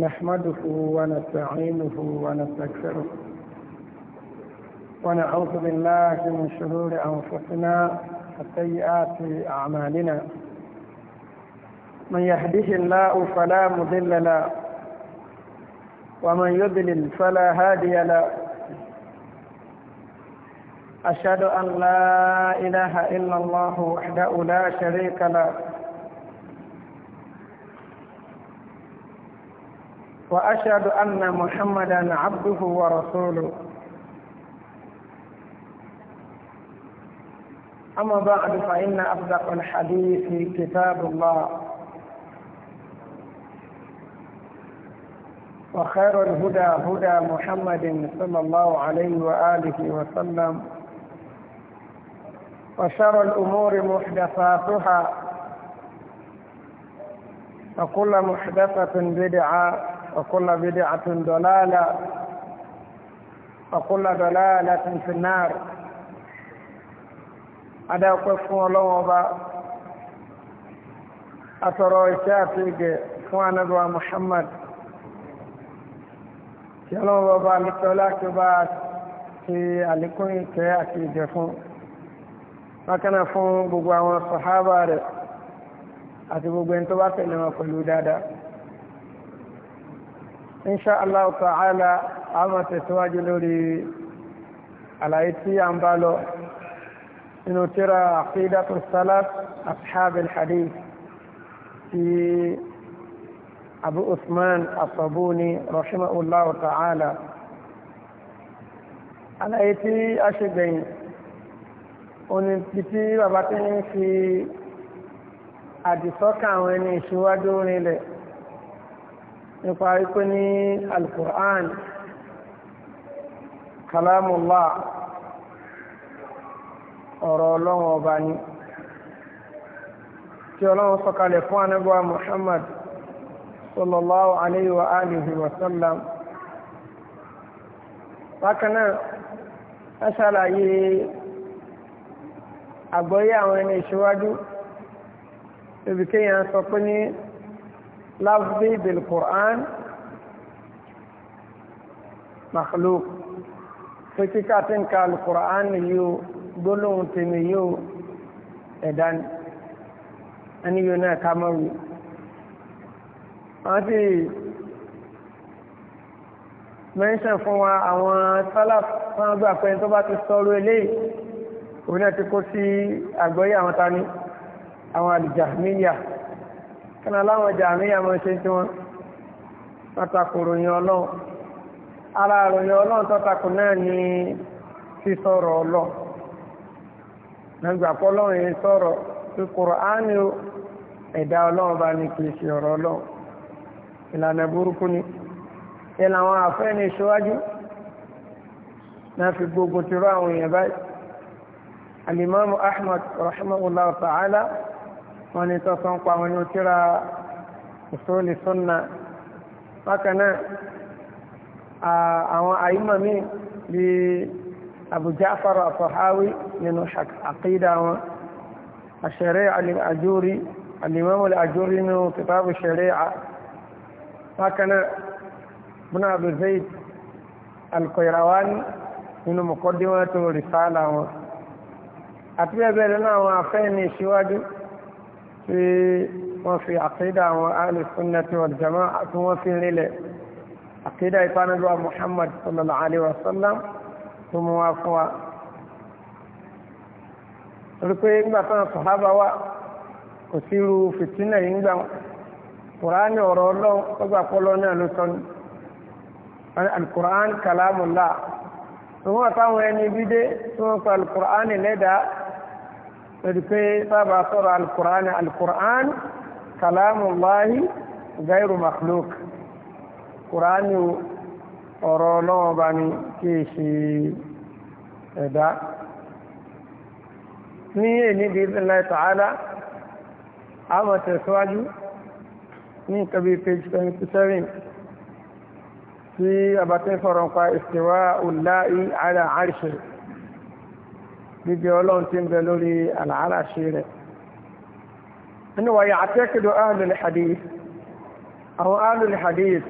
نحمده ونستعينه ونستغفره ونعوذ بالله من شرور انفسنا وسيئات اعمالنا من يهده الله فلا مضل له ومن يضلل فلا هادي له اشهد ان لا اله الا الله وحده لا شريك له وأشهد أن محمدا عبده ورسوله أما بعد فإن أصدق الحديث كتاب الله وخير الهدى هدى محمد صلى الله عليه وآله وسلم وشر الأمور محدثاتها وكل محدثة بدعة وكل بدعة ضلالة وكل ضلالة في النار أدا قفوا لوبا أترى الشافيق فوانا محمد kí ọlọ́run bọ́ bá lọ́tọ́ láti bá ṣe àlékún ìkẹ́ àti ìjẹ fún bákan náà fún gbogbo àwọn sàhábà rẹ̀ àti gbogbo ẹni tó bá tẹ̀lé wọn pẹ̀lú dáadáa insha allah ta'ala a máa tẹ̀síwájú lórí àlàyé tí a ń bá lọ nínú tírà aqidatu salaf ashab al-hadith ti abu usman as-sabuni rahimahullah ta'ala àlàyé tí a ṣe gbẹ̀yìn òní fi àdìsọ́kà àwọn ẹni ìṣíwájú rinlẹ̀ nípa wípé ní alukur'an kalamullah ọ̀rọ̀ ọlọ́run ọba ni tí ọlọ́run sọ̀kalẹ̀ fún anábọ́à muhammad sallallahu alayhi wa alihi wa sallam ṣàlàyé àgbọ́yé àwọn ẹni ìṣíwájú ibi sọ pé ní لفظي بالقرآن مخلوق فتكاتن كالقرآن يو gbólóhùn tèmi yóò ẹ̀dá ni ẹni yóò náà ká mọ́ wí. wọ́n ti mẹ́ńṣàn fún wa àwọn sálàf wọn gbà pé tó bá ti sọ̀rọ̀ eléyìí òun náà ti kó sí àgbọ́yé tani àwọn àlùjàmíyà Kana aláwọn ọjà àmìyàmọ́ ṣe tí wọ́n tọ́takù ròyìn ọlọ́run ara ròyìn ọlọ́run tọ́takù náà ni sísọ̀rọ̀ ọlọ́run nàgbàpọ̀ ọlọ́run yìí sọ̀rọ̀ pé Kùránì ẹ̀dá ọlọ́run bá ní kì ṣe ọ̀rọ̀ ọlọ́run ìlànà burúkú ni ìlànà àwọn àfẹ́ni ṣíwájú náà fi gbogbo tìrọ àwọn èèyàn báyìí alimami Ahmad rahimahullah ta'ala wọ́n ní tó sọ́n pa wọn ní tíra ìsọ́lì sọ́nà bákan náà àwọn àyímọ̀ míì bí Abu Ja'far as-Sahawi nínú àkídà wọn àṣẹ̀rẹ́ al-Ajuri al-Imam al-Ajuri nínú kitabu shari'a bákan náà ibn Abi Zayd al-Qayrawani nínú muqaddimatu risala wọn àti bẹ́ẹ̀ bẹ́ẹ̀ lọ́nà àwọn afẹ́ ní ìṣíwájú في wọ́n fi àkídà àwọn alìsúnnàtí wal jama'a àti wọ́n fi rílẹ̀ àkídà ìpánilúwà Muhammad sallallahu alaihi wasallam tó mú wá fún wa torí pé nígbà táwọn sọ̀hábà wa kò sí irú fìtínà yìí ń gbà wọn kùránì ọ̀rọ̀ ọlọ́run ọgbà pọ́lọ́ náà ló sọ ní alukur'an kalamullah tó táwọn ẹni bídé tó wọ́n pa alukur'an lẹ́dàá lórí pé sábà sọ̀rọ̀ alukur'an alukur'an kalamullahi gairu makhluk kur'an yóò ọ̀rọ̀ ọlọ́wọ́n bá ní kí è ṣe ẹ̀dá ní èní bí ìlànà ta'ala a mọ̀ tẹ̀síwájú ní kàbí page 27 tí a bá tẹ́ sọ̀rọ̀ istiwa ula'i ala arshi bíbi ọlọ́run ti ń bẹ lórí àlàárà ṣe rẹ̀ inú wàyà àtẹ́kìdò ahlul hadith àwọn ahlul hadith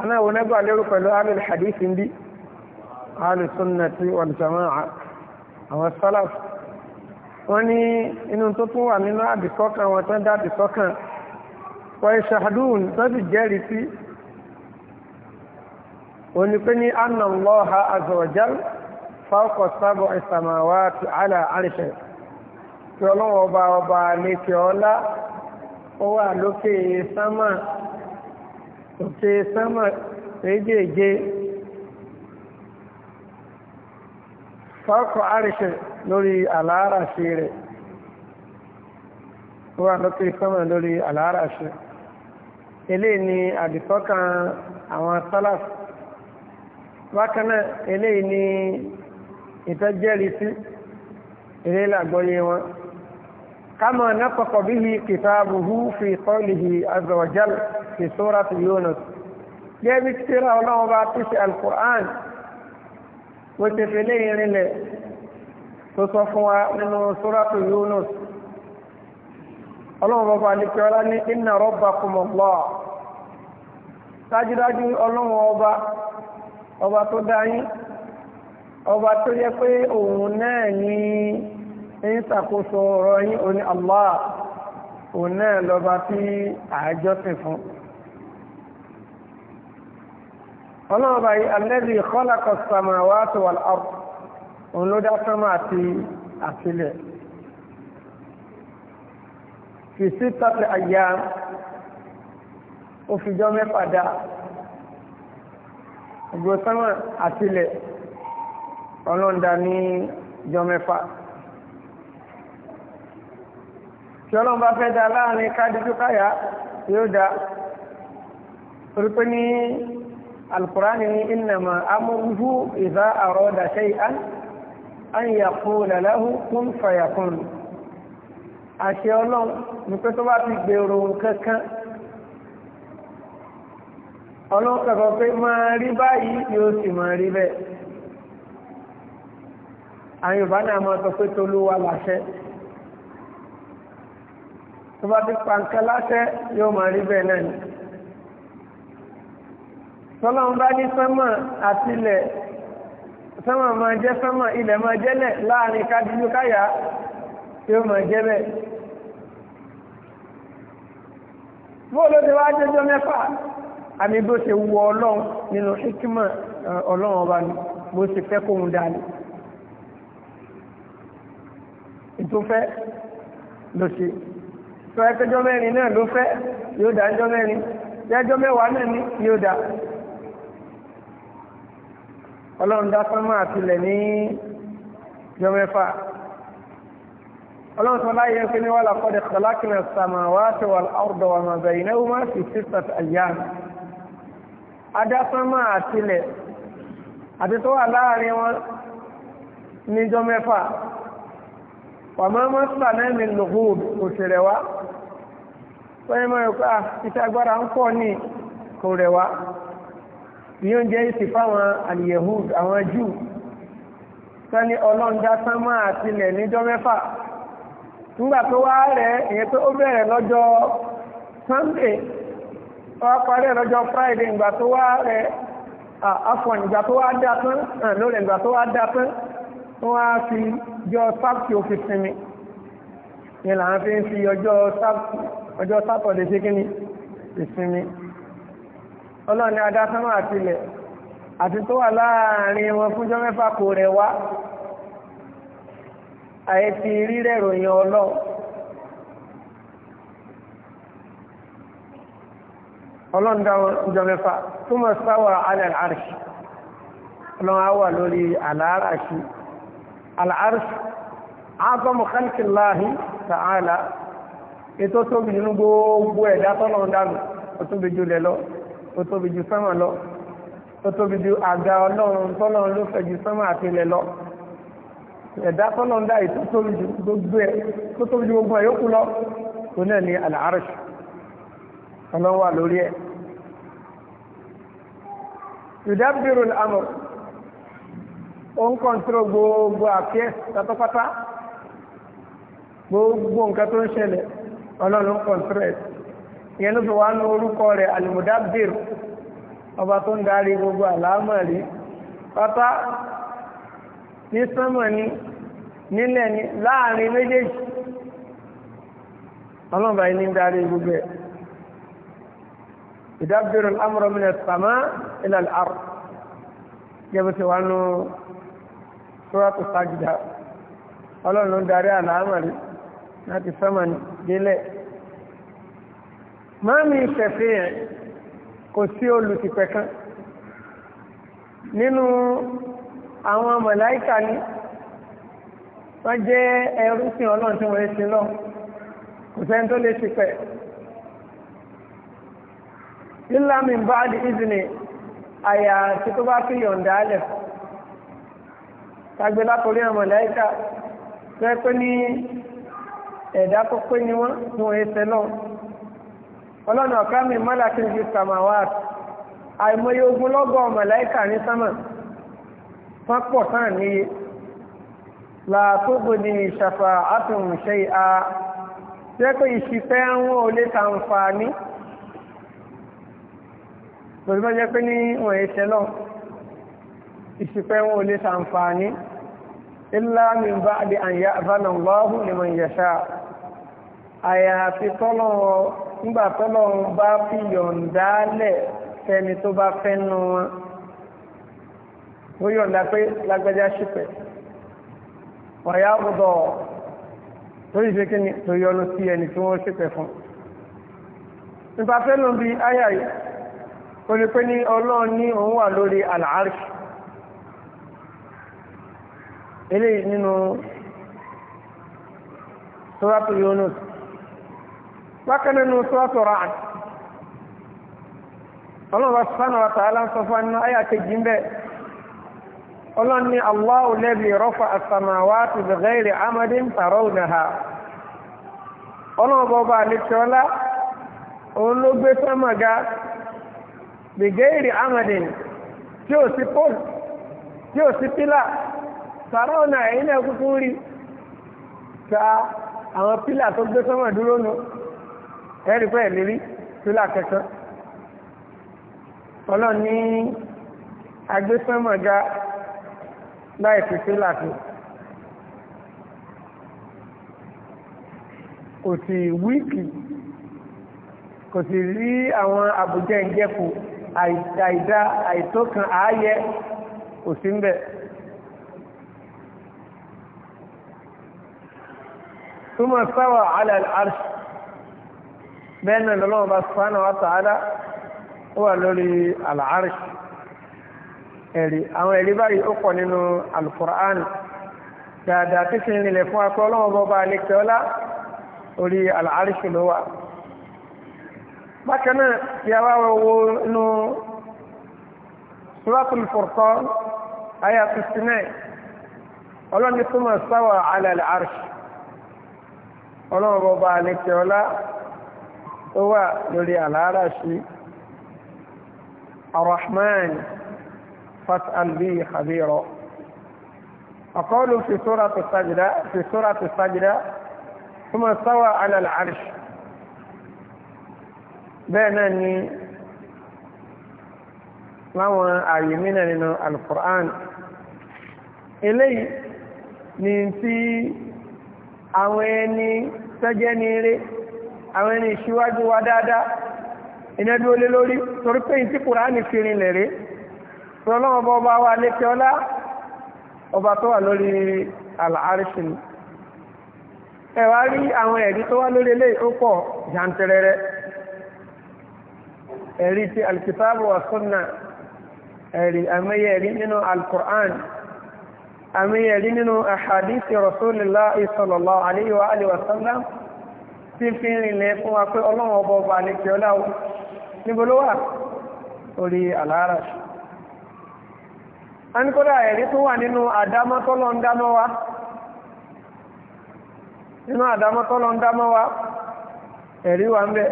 aláwọ̀ nẹ́gbà lérò pẹ̀lú ahlul hadith ń bí ahlus sunnati wal jama'a àwọn salaf wọ́n ní inú tó tún wà nínú àdìsọ́kàn wọn tán dá àdìsọ́kàn wọ́n ṣàdún tó sì jẹ́rìí sí òní pé ní anna Allah azza fáwọkọ̀ sábọ̀ ìsàmàwá ti àlà àrìṣẹ́ tí ọlọ́wọ́ ọba ọba lékè ọlá ó wà lókè sámà òkè sámà méjèèje fáwọkọ̀ àrìṣẹ́ lórí àlàáràṣẹ́ rẹ̀ ó wà lókè sámà lórí àlàáràṣẹ́ eléyìí ni àdìsọ́kàn àwọn sálàfù bákan náà ni. ìtọ́jẹ́rìí sí ilé làgbọ́yé kama nafaka bihi kitabuhu fi qawlihi fi surati yunus gẹ́bí tíra ọlọ́run bá ti ṣe alkur'an wọ́n ti fi léyìn rinlẹ̀ tó sọ fún wa nínú surati yunus ọlọ́run bọ́ba alikiola ní inna rabbakum Allah dájúdájú ọlọ́run ọba ọba tó ọba tó yẹ pé òun náà ní ń ṣàkóso ọ̀rọ̀ yín òní Allah òun náà lọ́ba tí àjọsìn fún. ọlọ́run bá yìí alẹ́bí khalaqa samawati wal ard òun ló dá sánmà àti àtìlẹ̀ fi sittati ayyam ó fi jọ́ mẹ́fà dá ògbó sánmà àtìlẹ̀ ọlọ́ndà ní jọ mẹ́fà tí ọlọ́run bá fẹ́ da láàrin káàdìjú káyà yóò da torípé ní alukurani ní ìnàmà amúrúhú ìzá àrọ́ dàṣẹ́ ìhán an yaqula lahu kun fayakun àṣẹ ọlọ́run ní tó bá ti gbèrò kankan ọlọ́run kẹfọ́ pé máa rí báyìí yóò sì máa rí bẹ́ẹ̀ àwọn yorùbá náà máa sọ pé tolúwa láṣẹ tó bá ti pàǹkà láṣẹ yóò máa rí bẹ́ẹ̀ náà ni tọ́lọ́run bá ní sánmà àti ilẹ̀ sánmà máa jẹ́ sánmà ilẹ̀ máa jẹ́lẹ̀ láàrin kájújú káyà yóò máa jẹ́ bẹ́ẹ̀ bóòlù ti wá jẹjọ mẹ́fà àmì bó ṣe wù ọlọ́run nínú hikima ọlọ́run ọba ni bó ṣe fẹ́ kóhun dáa ni ètò fẹ́ ló ṣe tó ẹgbẹ́jọ́ mẹ́rin náà ló fẹ́ yóò dá ẹjọ́ mẹ́rin ẹjọ́ mẹ́wàá náà ní yóò dá ọlọ́run dá sánmà àtìlẹ̀ ní jọ mẹ́fà ọlọ́run tó láyé ń pè ní wàhálà kọ́dẹ̀ kọ́lákìnà sàmà wá sí wà áwùdọ̀ wà màbẹ̀ ìnáwó má sì sí sàt àyà adá sánmà àtìlẹ̀ àti tó wà láàrin wọn ní jọ mẹ́fà wàmọ́ mọ́sílà náà mi lòhùn òṣèrè wa wọ́n mọ̀ ẹ̀kọ́ ah, iṣẹ́ agbára ń pọ̀ ní kò rẹ̀ wá yíò jẹ́ ìsì fáwọn àlìyẹ̀hùd àwọn jù sani ọlọ́ndá sánmà àtìlẹ̀ níjọ́ mẹ́fà nígbà tó wá rẹ̀ ìyẹn pé bẹ̀rẹ̀ lọ́jọ́ sunday ó wá parí lọ́jọ́ friday ìgbà tó wá rẹ̀ àfọ̀n tó wá dá tán lórí ìgbà tó wá dá tán wọ́n á fi jọ sábtì ó fi sinmi ní làwọn fi ń fi ọjọ́ sátọ̀dé sí kíní ìsinmi ọlọ́ni adásánà àtilẹ̀ àti tó wà láàrin wọn fúnjọ́ mẹ́fà kò rẹ̀ wá àyè ti rírẹ̀ ròyìn ọlọ́run ọlọ́run dá wọn fúnjọ́ mẹ́fà túmọ̀ sáwà alẹ́ àrṣì ọlọ́run á wà lórí àlàáràṣì العرش أعظم خلق الله تعالى ètò tóbi nínú gbogbo ẹ̀dá tọ́lọ̀ ń dànù ó tóbi ju lẹ̀ lọ ó tóbi ju sánmà lọ ó tóbi ju àga ọlọ́run tọ́lọ̀ ló fẹ̀ ju sánmà àti lẹ̀ lọ ẹ̀dá tọ́lọ̀ ń dà ètò tóbi ju gbogbo ẹ̀ tó tóbi ju gbogbo ẹ̀ yókù lọ ó náà ní àlàárẹ̀ṣù ọlọ́run wà lórí ẹ̀. yudabbiru al ó ń kọ́ńtírò gbogbo àfíẹ́ pátápátá gbogbo nǹkan tó ń ṣẹlẹ̀ ọlọ́run kọ́ńtírò ẹ̀ ìyẹn ló fi wá ní orúkọ rẹ̀ alimudabbir ọba tó ń darí gbogbo àlámọ̀rí pátá ní sánmọ̀ ni nílẹ̀ ni láàrin méjèèjì ọlọ́run báyìí ní darí gbogbo ẹ̀ ìdábìrún amúrọ̀mìnà sàmá ilal ard jẹ́bi tí wàá nù sọ́rọ́tù sájìdá ọlọ́run ló ń darí àlàámàrí láti sọ́mọ̀nì délẹ̀ mọ́mí ìṣẹ̀fihàn kò sí olùtìpẹ̀ kan nínú àwọn mọ̀láìkà ni wọ́n jẹ́ ẹrú sí ọlọ́run tí wọ́n lè ṣe lọ kò sẹ́ni tó lè ṣe pẹ̀ ìlàmì bá di ìzìnì àyà tí tó bá fi yọ̀ǹda alẹ̀ fún kagbe látọ̀rí àwọn màláíkà fẹ́ pé ní ẹ̀dá tó pé ní wọ́n ní wọ́n ẹsẹ̀ náà ọlọ́nà ọ̀ká mi mọ́lá kí n fi sàmàwá àìmọye ogun lọ́gọ́ màláíkà ní sámà wọ́n pọ̀ sáà níye làtógbò ní ìṣàfà àtúnṣe a jẹ́ pé ìṣìfẹ́ wọn ò lè tàǹfààní pẹ̀lú bá jẹ́ pé ní wọ́n ẹsẹ̀ náà ìṣìfẹ́ wọn ò lè tàǹfààní illa min ba'di an ya'zana Allahu liman yasha àyàfi tọ́lọ̀ ńgbà tọ́lọ̀ bá fi yọ̀ǹda lẹ̀ fẹ́ni tó bá fẹ́ nu wọn ó yọ̀ǹda pé lágbájá ṣùpẹ̀ ọ̀yá ọ̀dọ̀ tó yìí ṣe kí ni tó yọnu sí ẹni tí wọ́n ṣùpẹ̀ fún nípa fẹ́ lóun bí áyà yìí ó lè pé ní ọlọ́run ní òun wà eléyìí nínú sọ́wọ́tò Yunus bákan nínú sọ́wọ́tò Ra'd ọlọ́run subhanahu wa ta'ala ń sọ fún ẹnu ayé àkejì ń bẹ̀ ọlọ́run ní Allahu alladhi rafa'a as-samawati bighayri amadin tarawnaha ọlọ́run bọ́ba àlejòọ́lá òun amadin tí ò sí pílà. fàráọ̀nà ẹ̀yìn náà kúkú rí ta àwọn pílà tó gbé sọ́mọ̀ dúró nù ẹ̀rí pẹ́ lérí pílà ga láì fi pílà tó kò sì wíìkì kò sì rí àwọn àbújá ìjẹ́kù àìdá àìtókan ثم استوى على العرش بين الله سبحانه وتعالى هو العرش ẹ̀rí àwọn ẹ̀rí báyìí ó pọ̀ nínú alukur'an dáadáa tí fi rìnlẹ̀ fún akọ ọlọ́wọ́ bọba alẹ́kẹ́ ọlá orí alàárìṣì ló wà bákan náà tí a wá wo inú suratul Furqan aya ọlọ́ni túmọ̀ sáwà alàlẹ́ ọlọ́run ọba àlekè ọlá tó wà lórí àlàárà sí arahman fas'al bihi khabira ọkọlù fi surati sajda fi surati sajda thumma sawa ala al-arsh bẹ́ẹ̀ náà ni láwọn ààyè nínú al eléyìí ni tí àwọn ẹni tọ́jẹ́ ní eré àwọn ẹni ìṣíwájú wa dáadáa ìnẹ́dú olé lórí torí pé ní tí kùránì fi rinlẹ̀ rèé ọlọ́run ọba ọba wa lékè ọlá ọba tó wà lórí àlàárísìn ẹ rí àwọn ẹ̀rí tó wá lórí eléyìí ó jàǹtẹrẹrẹ ẹ̀rí ti alkitabu wa sunna ẹ̀rí àmẹ́yẹ nínú alkur'an àmì ẹ̀rí nínú àhàdísì Rasulullahi sallallahu alayhi wa alihi wa sallam tí fi ń rìnlẹ̀ fún wa pé ọlọ́run ọba ọba àlejò ọláwọ́ níbo ló wà orí àlàárà a ní kódà ẹ̀rí tó wà nínú àdámọ́tọ́lọ́ ń dámọ́ wa nínú àdámọ́tọ́lọ́ wa ń bẹ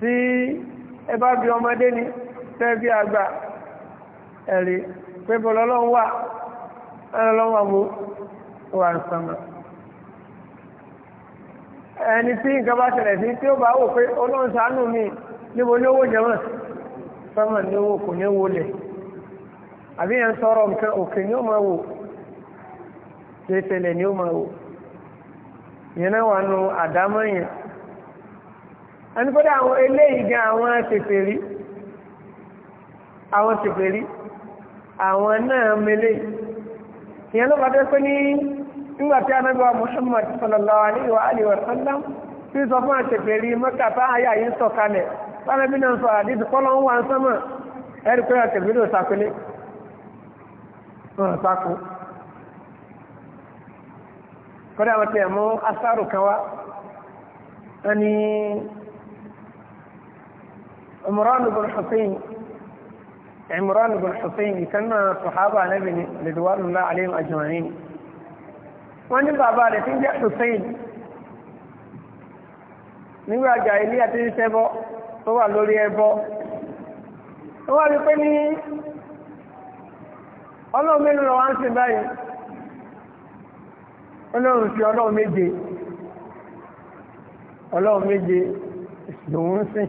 tí ẹ bá bí ọmọdé ni fẹ́ bí àgbà ẹ̀rí pé bọ́lá ọlọ́run wà ọlọ́run wà mú wà sọmọ. ẹni tí nǹkan bá ṣẹlẹ̀ sí tí ó bá wò pé ọlọ́run ṣàánú mi níbo ní owó jẹmọ́ sọmọ ní owó kò ní wọlé àbí yẹn sọ̀rọ̀ nǹkan òkè ni ó máa wò ṣe ṣẹlẹ̀ ni ó máa wò yẹn náà wà nù àdámọ́ yẹn ẹni kó àwọn náà mele ìyẹn ló bàtẹ́ pé ní nígbà tí anábíwá Muhammad sallallahu alayhi wa alihi wa sallam tí sọ fún àtẹ̀pẹ̀ rí mọ́kà tá àyà yìí sọ kalẹ̀ lára bí náà sọ àdídì kọ́lọ́ ń wà ń sánmà ẹ̀rí pé àtẹ̀pẹ̀ ló sàkúlé wọn sàkú kọ́dà wọn tiẹ̀ mú kan wá ẹni Imran عمران بن hussein ìkànnà sọ̀hábà anábì ni الله عليهم أجمعين. àjùmọ̀ní ni wọ́n ní bàbá rẹ̀ tí ń jẹ́ hussein nígbà jàhílíyà àti ìṣẹ́bọ tó wà lórí ẹbọ tó wà wípé ní ọlọ́run mélòó lọ wá ń sìn báyìí ọlọ́run sí ọlọ́run méje ọlọ́run méje lòun ń sìn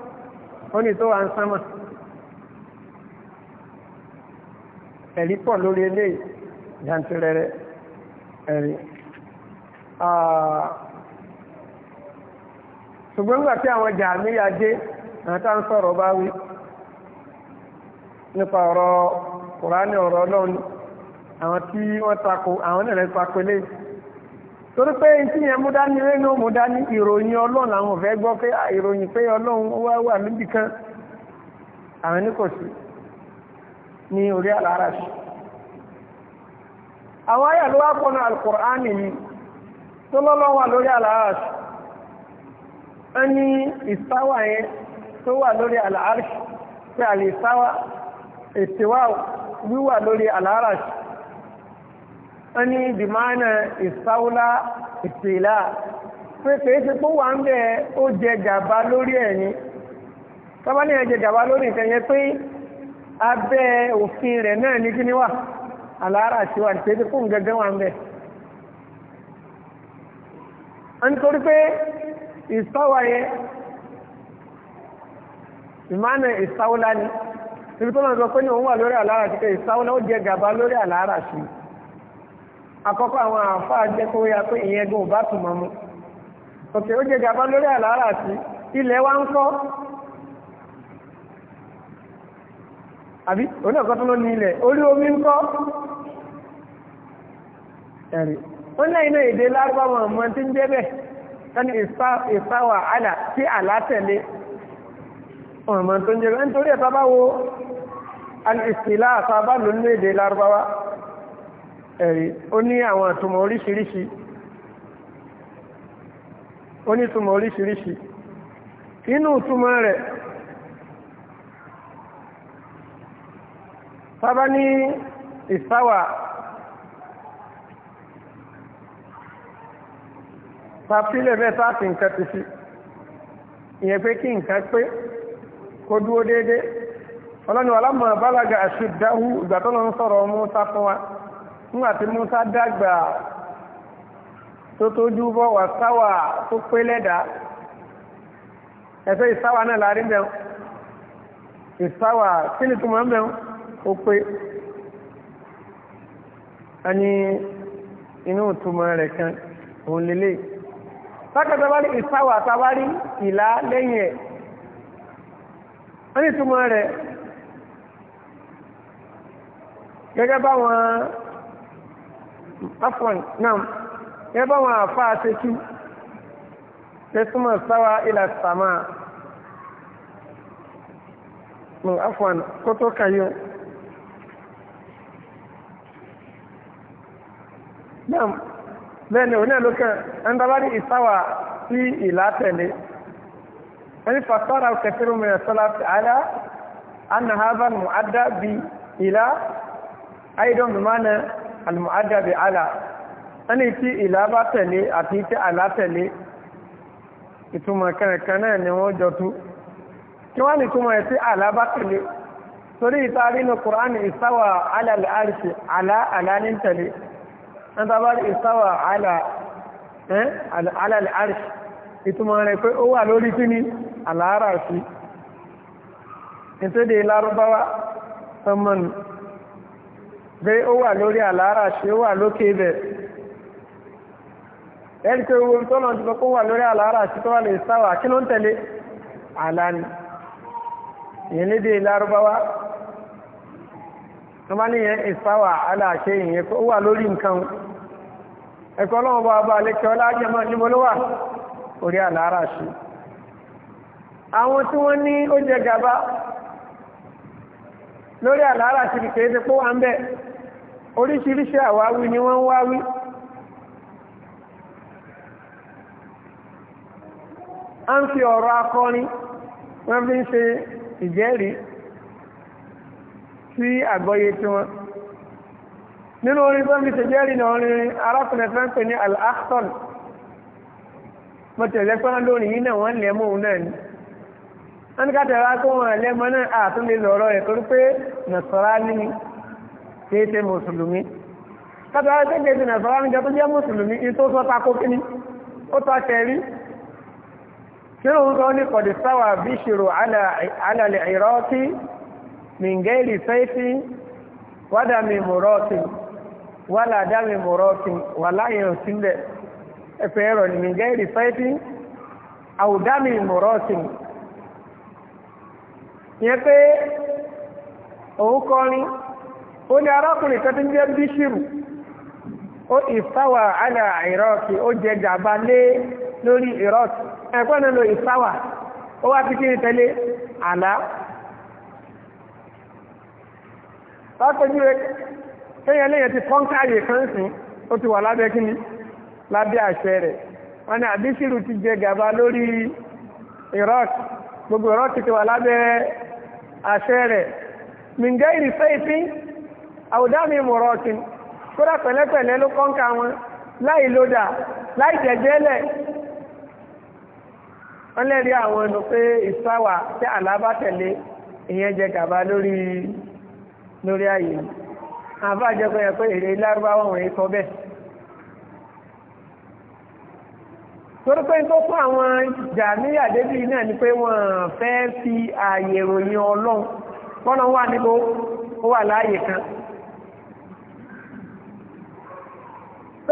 ó ní tó wà ń sánmà ẹ̀rí pọ̀ lórí eléyìí jantirẹrẹ ẹ̀rí ṣùgbọ́n nígbà tí àwọn jàmíyà dé àtà ń sọ̀rọ̀ bá wí nípa ọ̀rọ̀ kùránì ọ̀rọ̀ ọlọ́run àwọn tí wọ́n tako àwọn nìrẹ́ tako eléyìí torí pé tí yẹn mú dání lẹ́nu mú dání ìròyìn ọlọ́run àwọn ọ̀fẹ́ gbọ́ pé ah, ìròyìn pé ọlọ́run wá wà níbì kan àwọn ní kò sí ní orí àlàárà sí àwọn ayà ló wá pọ̀nà alkùránì ni tó lori lórí àlàárà sí wọ́n ní ìsáwà yẹn tó wà lórí sí pé àlè ìsáwà ètèwà wíwà lórí wọ́n ní bìmánà ìsáwúlá ìtìlá pé kìí ṣe pé wà ń bẹ̀ ó jẹ gàba lórí ẹ̀yìn tọ́ba ní ẹ̀jẹ̀ gàba lórí nǹkan yẹn pé abẹ́ òfin rẹ̀ náà ní kíní wà àlàárà tí wà ní pé kó ń gẹ́gẹ́ wà ń bẹ̀. wọ́n pé ìsáwà yẹn ìmánà ni ibi tó lọ́nà sọ pé ní òun wà lórí àlàárà tí pé ìsáwúlá ó jẹ gàba lórí àlàárà sí àkọ́kọ́ àwọn àfáà jẹ́ kó yá pé ìyẹn gan bá tù mọ́mú òkè ó jẹjà bá lórí àlàárà sí ilẹ̀ wa ń kọ́ àbí òun náà kọ́ tó ló ní ilẹ̀ orí omi ń kọ́ ẹ̀rí ó ní àyínà èdè lárúbáwọ̀ ọmọ tí ń jẹ́ bẹ́ẹ̀ ẹni ìsáwà àlà tí àlá tẹ̀lé ọmọ tó ń jẹ́ bẹ́ẹ̀ nítorí ẹ̀ sábà wo àti ìsìlá àfàbà lónìí ẹ̀rí ó ní àwọn àtùmọ̀ oríṣiríṣi ó oríṣiríṣi inú ìtumọ̀ rẹ̀ sábà ní ìsáwà pàpílẹ̀ mẹ́ta sí nǹkan ti fi ìyẹn pé kí nǹkan pé kó dúó déédéé ọlọ́ni wàlámọ̀ bálaga àṣùdáhù ìgbà tó ń nígbà tí Musa dàgbà tó tójú bọ̀ wà sáwà tó pé lẹ́dà ẹ̀fẹ́ ìsáwà náà láàrin bẹ́ẹ̀ ìsáwà kí ni túmọ̀ bẹ́ẹ̀ ó pé a ní inú túmọ̀ rẹ̀ kan òun lélẹ̀ sákàtà bá ní ìsáwà sáwárí ìlà lẹ́yìn ẹ̀ wọ́n ní túmọ̀ rẹ̀ gẹ́gẹ́ báwọn afwan náà ẹ bá wọn àfa àṣetú tẹsùmọ̀ sáwà ilà sàmà no afwan kótó kayọ. náà bẹ́ẹ̀ ni òní ẹ̀lókẹ́ ẹni tó bá ní ìsáwà sí ìlà tẹ̀lé wọ́n ní fàtọ́rà kẹfìrú mìíràn sọ́lá àlá anna havan mu'adda bi ìlà aidan mana almuadabi ala ẹni tí ìlà bá tẹ̀lé àti tí àlá tẹ̀lé ìtumọ̀ kẹrẹ̀kẹ́ náà ni wọ́n jọ tú kí wọ́n ní túmọ̀ ẹ̀ tí àlá bá tẹ̀lé torí ìtarí ní kùránì ìsáwà alàlẹ̀ àrìsì àlá àlá ní tẹ̀lé ń tàbá ìsáwà alàlẹ̀ àrìsì ìtumọ̀ rẹ̀ pé ó wà lórí pé ó wà lórí àlàárà ṣe ó wà lókè ibẹ̀ ẹni pé owó tó lọ́n ti lọ kó wà lórí àlàárà ṣe tó wà lè sáwà kí ló ń tẹ̀lé ni ìyẹn lédè lárúbáwá tó bá níyẹn ìsáwà aláṣẹ ìyẹn ó wà lórí nǹkan ẹ̀kọ́ bá bá ló wà orí àlàárà ṣe àwọn tí wọ́n ní ó jẹ gàba lórí àlàárà ṣe oríṣiríṣi àwáwí ni wọ́n ń wáwí a ń fi ọ̀rọ̀ akọrin wọ́n fi ń ṣe ìjẹ́rìí sí àgbọ́yé tí wọ́n nínú orin tó ń fi ṣèjẹ́rìí náà orin arákùnrin fẹ́ ń pè ní al-akhton mo tẹ̀lé pé wọ́n lórí yìí náà wọ́n lẹ̀ mọ́ òun náà ni wọ́n ká tẹ̀lé wá lẹ́mọ náà àtúndé lọ́rọ̀ ẹ̀ torí pé nàṣọ́rá ní kìí ṣe mùsùlùmí tọ́tọ́ ẹgbẹ́ jésù náà sọ́wọ́n jẹ́ tó jẹ́ mùsùlùmí in tó sọ́ta kó kíní ó tọ́ tẹ̀rí kí ló ń sọ ní kọ̀dí sáwà bí ṣirò alàlẹ̀ ìrọ́tí mìngẹ́lì sẹ́ẹ̀tì wádàmì mùrọ́tì wàlàdàmì mùrọ́tì wàláyé òsínlẹ̀ ẹ̀fẹ̀ ẹ̀rọ òun kọrin o ní arákùnrin kan tó ń jẹ́ bíṣìrù ó ìfáwà àlà ìrọ́ọ̀kì ó jẹ gàba lé lórí ìrọ́ọ̀kì ẹ̀kọ́ náà lo ìfáwà ó wá ala. kiri tẹ́lé àlá látọjú rẹ kéèyàn lẹ́yìn ti kọ́ńká nye kan sìn ó ti wà lábẹ́ kíni lábẹ́ àṣẹ rẹ̀ wọn ni àbíṣìrù ti jẹ gàba lórí ìrọ́ọ̀kì gbogbo ìrọ́ọ̀kì ti wà lábẹ́ àṣẹ rẹ̀ mìǹgẹ́ ìrìfẹ́ ìfín àwùdámi mọ̀rọ̀tì kódà pẹ̀lẹ́pẹ̀lẹ́ ló kọ́ńkà wọn láì lódà láì jẹ̀jẹ́lẹ̀ wọ́n lẹ́rí àwọn ẹnu pé ìsáwà tí àlábá tẹ̀lé ìyẹn jẹ gàba lórí ayé ààyè pé yẹn èrè lárúbáwọ̀ wọ̀nyí sọ bẹ́ẹ̀ torí pé tó fún àwọn náà ni pé fi ọlọ́run wọ́n wà níbo ó wà láàyè kan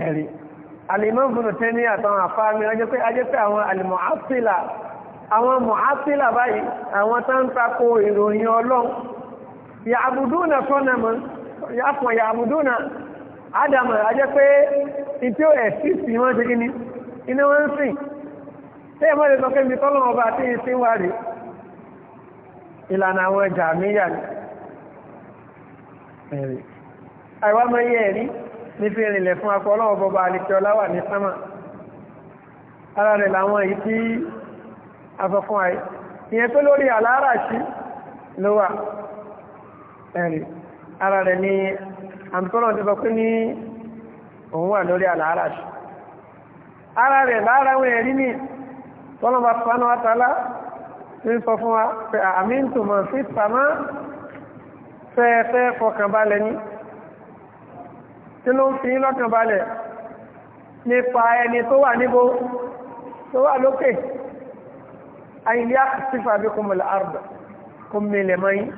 ẹ̀rí alìmọ́ bùnú tẹ́ ní àtàwọn àfáàmì ajẹ́ pé àwọn alìmọ̀ ápìlà àwọn mọ̀ ápìlà báyìí àwọn tó ń takò ìròyìn ọlọ́run ya àbùdúnà sọ́nàmọ́ ya fún ya àbùdúnà ádámà ajẹ́ pé ìtí ó ẹ̀sìsì wọ́n ti gíní iná wọ́n ń sìn tí ẹ̀mọ́ lè sọ pé mi tọ́lọ́ ọba àti ìsìn wà rí àìwá mọ iye ẹ̀rí ní fi rìnlẹ̀ fún akọ ọlọ́wọ́ bọba àlìkẹ́ ọláwà ní sámà ara rẹ̀ làwọn èyí tí a sọ fún ayé ìyẹn tó lórí àlàárà sí ló wà ara rẹ̀ ni àmìkọ́nà ti sọ ní òun wà lórí àlàárà ara rẹ̀ lára àwọn ẹ̀rí ni tọ́lọ́mà pàánù àtàlá ń sọ fún wa pé àmì ń tò mọ̀ sí sàmá tí ló ń fi lọ́kàn balẹ̀ nípa ẹni tó wà níbo tó wà lókè àyìnlẹ́ àkùsífà bí kò mọ̀lá àrùbà kò mìlẹ̀ mọ́ yín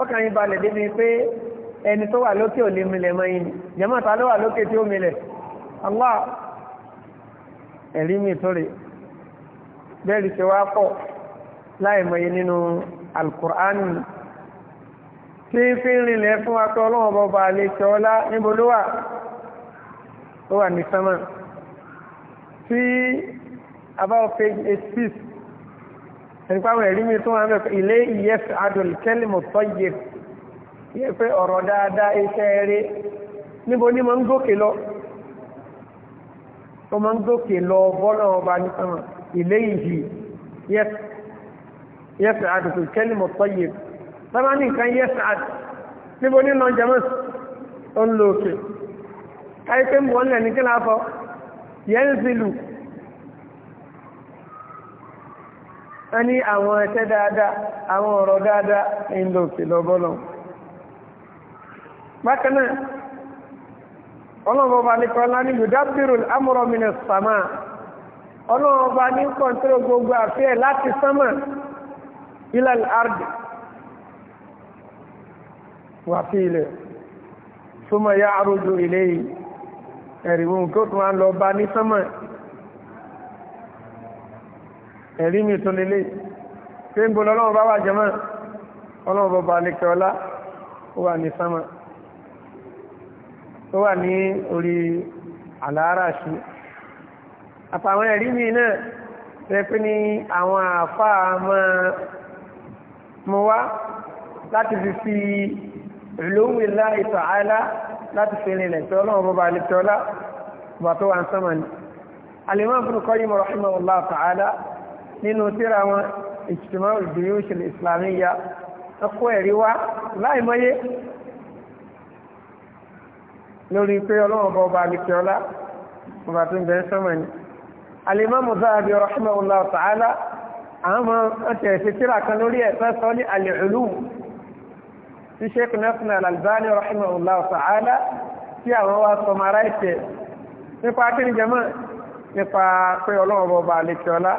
ọkàn yín balẹ̀ débi pé ẹni tó wà lókè ò lè mìlẹ̀ mọ́ yín jẹ́mọ́ ta ló wà lókè tí ó mìlẹ̀ Allah ẹ̀rí mi torí bẹ́ẹ̀ lè ṣe wá pọ̀ láì mọ̀ye nínú alukur'an tí fi ń rinlẹ̀ fún wa tọ́ ọlọ́run bọba àlejò ọlá níbo ló wà ó wà ní sánmà tí about page eight six nípa àwọn ẹ̀rí mi tó wà mẹ́kọ̀ ilé ìyẹ́f adùnkẹ́lì mọ̀tọ́yẹ yẹ pé ọ̀rọ̀ dáadáa iṣẹ́ eré níbo ni mo ń gòkè lọ ó máa ń gòkè lọ bọ́lá ọba ní sánmà ilé ìyí yẹ́f adùnkẹ́lì mọ̀tọ́yẹ sábà ní nǹkan yẹ sáàd níbo ní lọ jẹmọ́ ó ń lo òkè káyí pé mò ń lẹ̀ ní kí náà fọ yẹn zilu a ní àwọn ẹsẹ̀ dáadáa àwọn ọ̀rọ̀ dáadáa ń lo òkè lọ́bọ́lọ́ bákan náà ọlọ́mọba ní kọ́lá ní yudabiru amúrọ̀ mi ní sàmà ọlọ́mọba ní kọ́ńtírò gbogbo àfihàn láti sánmà ilẹ̀ àrùn wàfíìlẹ̀ súnmọ̀ yá àrójò ilé ẹ̀rìwò tó tún wá lọ bá ní sánmọ̀ ẹ̀rí mi tún lélé pé ń bọ́ lọ́wọ́ bá wà jẹmọ́ ọlọ́wọ́ bá lè kẹ́ ọlá ó wà ní sánmọ̀ ó wà ní orí àlàáràṣí àtàwọn ẹ̀rí mi náà rẹ̀ pé ní àwọn àfáà mọ́ wá láti fi fi ìlúwìn láì tààlá láti fi rìnlẹ̀ tí ọlọ́run bọ́ba alẹ́tọ́lá bá tó wà ń sánmà ní alimọ́ fún Qayyim rahimahullah tààlá nínú tíra wọn ìṣìmọ́ al-Juyush al-Islamiyya ọkọ̀ ẹ̀rí wá láì mọ́yé lórí pé ọlọ́run bọ́ba alẹ́tọ́lá bá tó ń bẹ́ sánmà ní alimọ́ Zahabi rahimahullah tààlá àwọn tí sheikh nasna al-albani rahimahullah ta'ala tí àwọn wa sọmara ìtẹ̀ nípa kí ni jama nípa pé ọlọ́run ọba àlekíọ́lá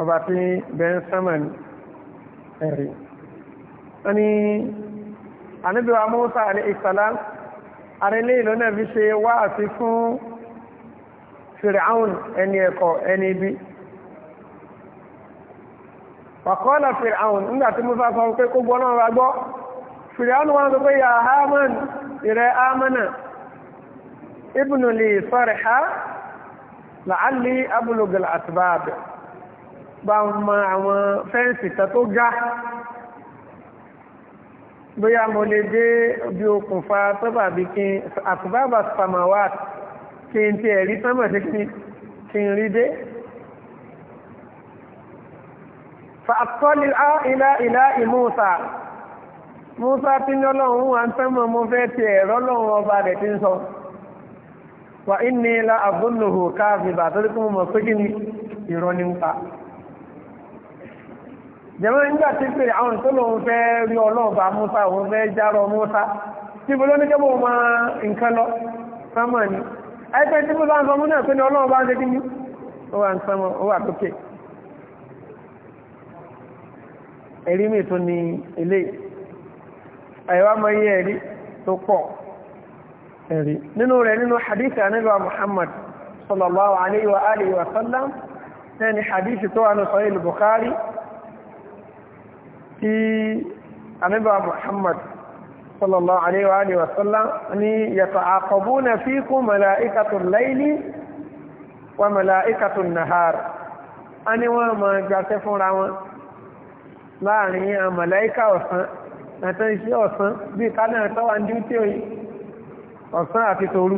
ọba tí bẹ́ẹ̀ sánmà ní ẹ̀rí wọ́n ni ànábìwá musa alayhi salam arílé ìlú náà fi ṣe wá àti fún fir'aun ẹni ẹ̀kọ́ ẹni bí wàkọ́ọ́lá fir'aun nígbà musa sọ pé kó gbọ́ náà wá fìrìhánù wọn sọ pé yà haman ìrẹ amana ibùnù lè sọ̀rẹ̀ ha làálì abúlógal àtibáàbẹ̀ bá ń mọ àwọn fẹ́ǹsì kan tó ga bóyá mo lè dé bí okùnfà tó bàbí kí àtibáàbà samawat kí n ti ẹ̀rí sánmọ̀ sí kí n rí dé فأطلع إلى إله موسى musa ti ní ọlọ́run wa ń tẹ́mọ̀ mo fẹ́ ti ọba rẹ̀ ti ń sọ wà ilá àbúlòhò tó ni ń pa jẹ́mọ́ nígbà tí pé àwọn tó lòun fẹ́ musa òun fẹ́ járọ musa tí bó lóní kébò máa nǹkan lọ sánmọ̀ ni ẹgbẹ́ tí bá ń sọ ní ń ni ó wà ń ó wà tókè mi tún àìwá mọ iye ẹ̀rí tó pọ̀ ẹ̀rí nínú rẹ̀ nínú hadith anábíwá muhammad sallallahu alayhi wa alihi wa sallam náà ni hadith tó wà ní sahih al-bukhari tí anábíwá muhammad sallallahu alayhi wa alihi wa sallam ni yata'aqabuna fikum mala'ikatul layli wa mala'ikatul nahar a ni wọ́n máa gbàṣẹ́ fúnra wọn láàrin àwọn màláíkà ọ̀sán ẹ̀tàn iṣẹ́ ọ̀sán bí kálẹ̀ ẹ̀tọ́ wà ní tí òyí ọ̀sán àti torú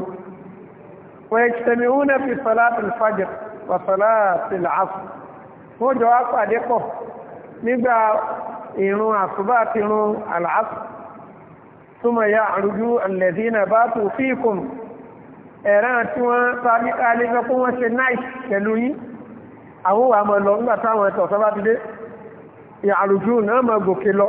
wọ́n yẹ tẹ̀mí oúnjẹ fi sọ́lá tìlfàjẹ wọ̀sọ́lá tìlàáfù wọ́n jọ wá pàdé pọ̀ nígbà ìrun àsùbá àti ìrun àlàáfù túmọ̀ ya àrùjú alladhina batu fikum ẹ̀rán tí wọ́n sáré kálẹ̀ fẹ́ kó wọ́n ṣe ìyàrùjú náà mọ̀ gòkè lọ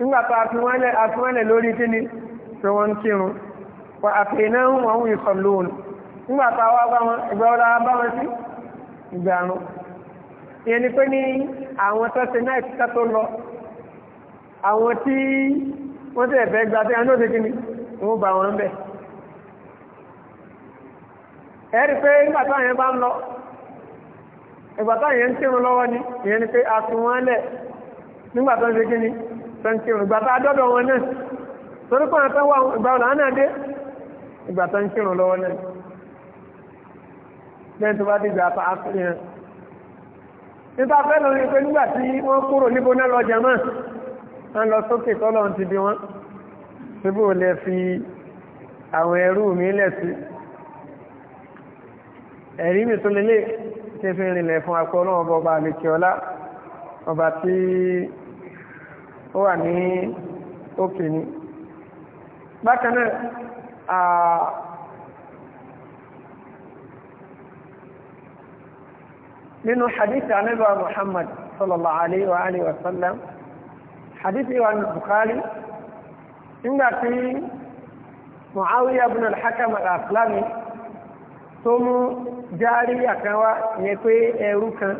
nígbàtà àfiwọ́lẹ̀ lórí kí ni tí wọ́n ń kírun wà àfihàn àwọn ohun ìkọlùn nígbàtà wá bá wọn ìgbà ọ̀rọ̀ bá wọn sí ìgbàrún ìyẹn ni pé ní àwọn tọ́sẹ̀ náà ti tó lọ àwọn tí wọ́n tẹ̀ fẹ́ gba tí a ní òṣèkí ni wọ́n bá wọn bẹ̀ ẹ̀rí pé nígbàtà yẹn bá ń lọ ìgbàtà yẹn ń kírun lọ́wọ́ ni ìyẹn ni pé àfiwọ́lẹ̀ nígbàtà ń ṣe kí ni tán kírun ìgbà tá a dọ́dọ̀ wọn náà torí pé àwọn táwọn ìgbà ọ̀là náà dé ìgbà tán kírun lọ́wọ́ náà lẹ́yìn tó bá dé ìgbà apá áfírí hàn nípa fẹ́ lọ rí pé nígbà tí wọ́n kúrò níbo náà lọ jẹmọ́ wọ́n lọ sókè tọ́lọ́ ti bí wọ́n síbò lè fi àwọn ẹrú mi lẹ̀ sí ẹ̀rí mi tó lélẹ̀ tí fi rìnlẹ̀ fún apọ̀ náà ọba àlèkè ọlá ọba tí ó wà ní òkè ní bákan náà nínú hadith anábà muhammad sallallahu alayhi wa alihi wa sallam hadith iwa ní bukhari nígbà tí muawiya bin al-hakam al-aslami tó mú járíyà kan yẹ pé ẹrú kan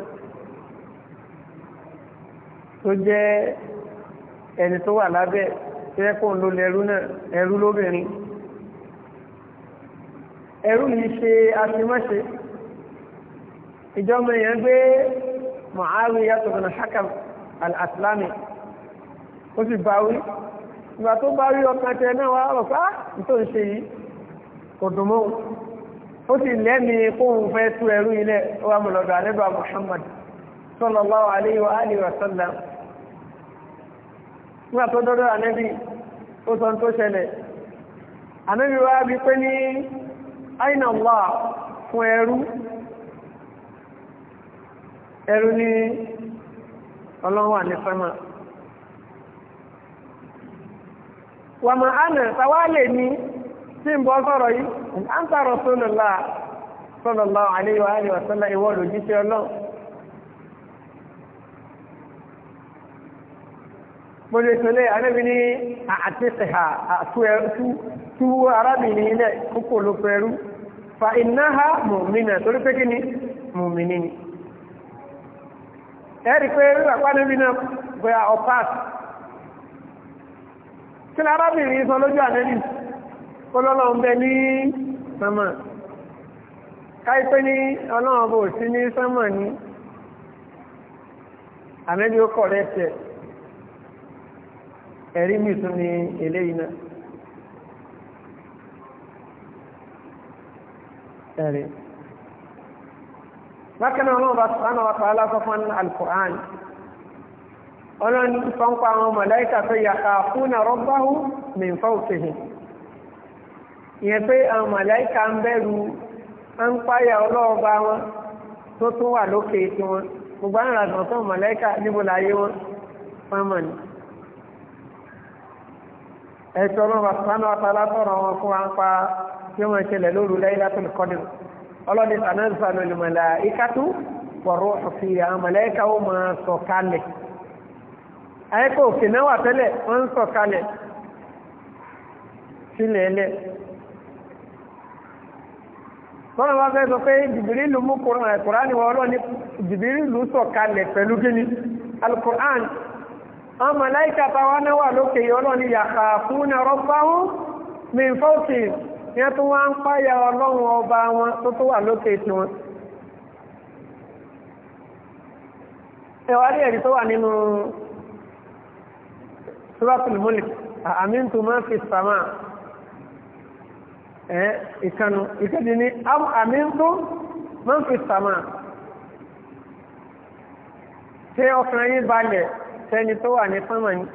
tó jẹ́ ẹni tó wà lábẹ́ tẹ́kùn ló lẹ́rú náà ẹrú lóbìnrin ẹrú yìí ṣe aṣemọ́ṣe ìjọba yẹn gbé Mu'awiya bin Hakam al-Aslami ó sì bá wí ìgbà tó bá rí ọkàn tẹ náà wá rọ̀ pá ah, tó ń ṣe yìí kò dùn mọ́ ó sì lẹ́mìí kóhun fẹ́ tú ẹrú ilẹ̀ wa mọ̀lọ́dọ̀ àlẹ́bà Muhammad sallallahu alayhi wa alihi wa sallam nígbà tó dọ́dọ̀ ànẹ́bí ó sọ tó ṣẹlẹ̀ ànẹ́bí wá bí pé ní àìnà wà fún ẹrú ẹrú ní ọlọ́wà ní sánmà wà máa ánà tàwà lè ní tí ń bọ́ sọ̀rọ̀ yìí ń tàrọ̀ sólùlá sọ́lọ̀lá àníwá àníwá sọ́lá ìwọ́lù jíṣẹ́ ọlọ́run mo lè sọlé anábì arábìnrin náà kókò ló fa innaha mu'mina torí pé kí ni mu'mini ẹ̀rí pé rírapá níbi náà ní sánmà káìpẹ́ sí ní sánmà ní ànẹ́bì ó kọ̀ ẹ̀rí mi tún ni eléyìí náà ẹ̀rí bákanáà wọn bá sọ́nà wà pàálá fọ́fọ́n alkùrán ọlọ́ni fọ́npá àwọn mọ̀láìkà tó yàkà fún àrọ́báhù ní fọ́ọ̀tìhì ń bẹ̀rù tó tún wà lókè tí wọn gbogbo àwọn àgbọ̀ntàn mọ̀láìkà níbo láyé wọn fọ́nmọ̀ ni. ẹ̀tọ́ ọlọ́run wa sanu atala tọrọ wọn fún wa ń pa tí wọ́n ṣẹlẹ̀ lóru Laylatul Qadr ọlọ́ni sanazanu al-malaikatu war-ruhu fiha àwọn mọ̀lẹ́ka ó máa sọ kalẹ̀ ayẹ́kọ̀ òkè náà wà tẹ́lẹ̀ wọ́n ń sọ kalẹ̀ sílẹ̀ ẹlẹ́ tọ́lọ́ bá fẹ́ sọ pé Jibrilu mú Kùránì wọ́n ọlọ́ni Jibrilu sọ kalẹ̀ pẹ̀lú kíni al àwọn màláìkà táwa náà wà lókè yìí ọlọ́ni yàkà fún rabbahum min fawqihim ní tó wá ń páyà ọlọ́run ọba wọn tó tó wà lókè tí wọn. ẹwà rí ẹ̀rí tó wà nínú suratul mulk àmìntù máa fi sàmà ẹ̀ ìkànnù ìkẹ́dì ní àmìntù máa fi sàmà ṣé ọkàn yín balẹ̀ sẹ́ni tó wà ní sánmà ní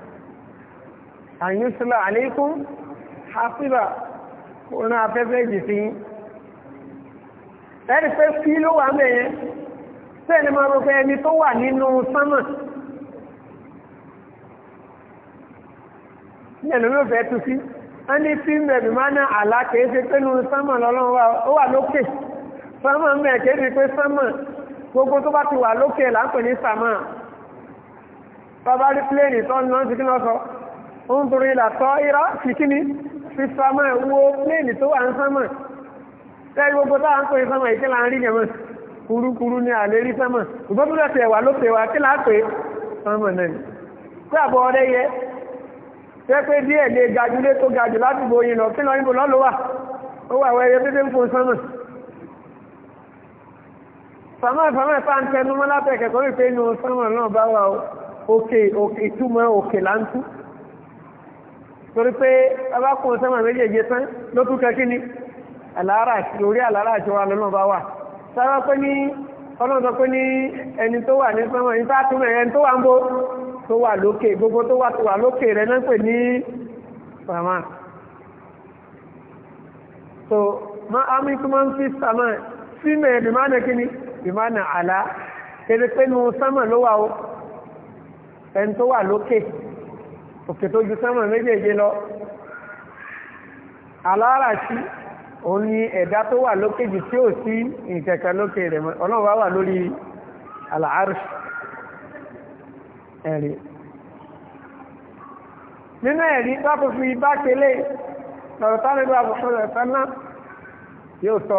àyúsùlá àlékún hafíbà oná afẹ́fẹ́ jì sí ẹ̀rì pé kí ló wà mẹ́yẹ sẹ́ni máa rọ pé ẹni tó wà nínú sánmà ní ẹ̀lómi òfẹ́ tu sí wọ́n ní tí mẹ̀bí máa ná àlá kèése pé nínú sánmà lọ́lọ́run wà ó wà lókè gbogbo tó bá ti wà lókè là ní sánmà bàbá rí pléènì tó ń lọ sí kí lọ sọ ń torí ìlàtọ́ ìrá sí kí ni fi sámọ̀ wo pléènì tó wà ń sámọ̀ tẹ́lẹ̀ gbogbo táwọn ń pè sámọ̀ yìí kí ń rí jẹ̀mọ̀ kurukuru ní àlè rí sámọ̀ ṣùgbọ́n bí ló pè wá kí là ń náà ni pé àbọ̀ ọdẹ yẹ pé pé díẹ̀ lè ga jù lé tó ga jù ládùúgbò yìí lọ kí lọ níbo lọ́lọ́ wà ó wà wẹ́rẹ́ pé ń fún sámọ̀ fàmọ́ fàmọ́ fà ń tẹnu mọ́ látẹ̀kẹ̀ tó rí pé inú sámọ̀ náà òkè òkè ìtumọ̀ òkè láńtú torí pé abákùnrin sẹ́mà méjèèjì tán ló tún kẹ́kí ni àlàáràṣì orí àlàáràṣì wa lọ́nà bá wà sábà pé ni ọlọ́run sọ pé ní ẹni tó wà ní sẹ́mà ní sátúmọ̀ ẹni tó wà ń bó tó wà lókè gbogbo tó wà tó wà lókè rẹ̀ náà pè ní màmá so ma ami tó máa ń fi sàmà símẹ̀ bìmánà kí ni bìmánà àlá kéré pé nu sẹ́mà ló wà ó ẹni tó wà lókè òkè tó ju sánmà méjèèje lọ aláràṣí òun ni ẹ̀dá tó wà lókè jù tí ò sí ìkẹ̀kẹ̀ lókè rẹ̀ mọ́ ọlọ́run wá wà lórí àlàárùsì ẹ̀rí nínú ẹ̀rí bábò fi bá tẹ́lẹ̀ lọ́rọ̀ tá nígbà yóò sọ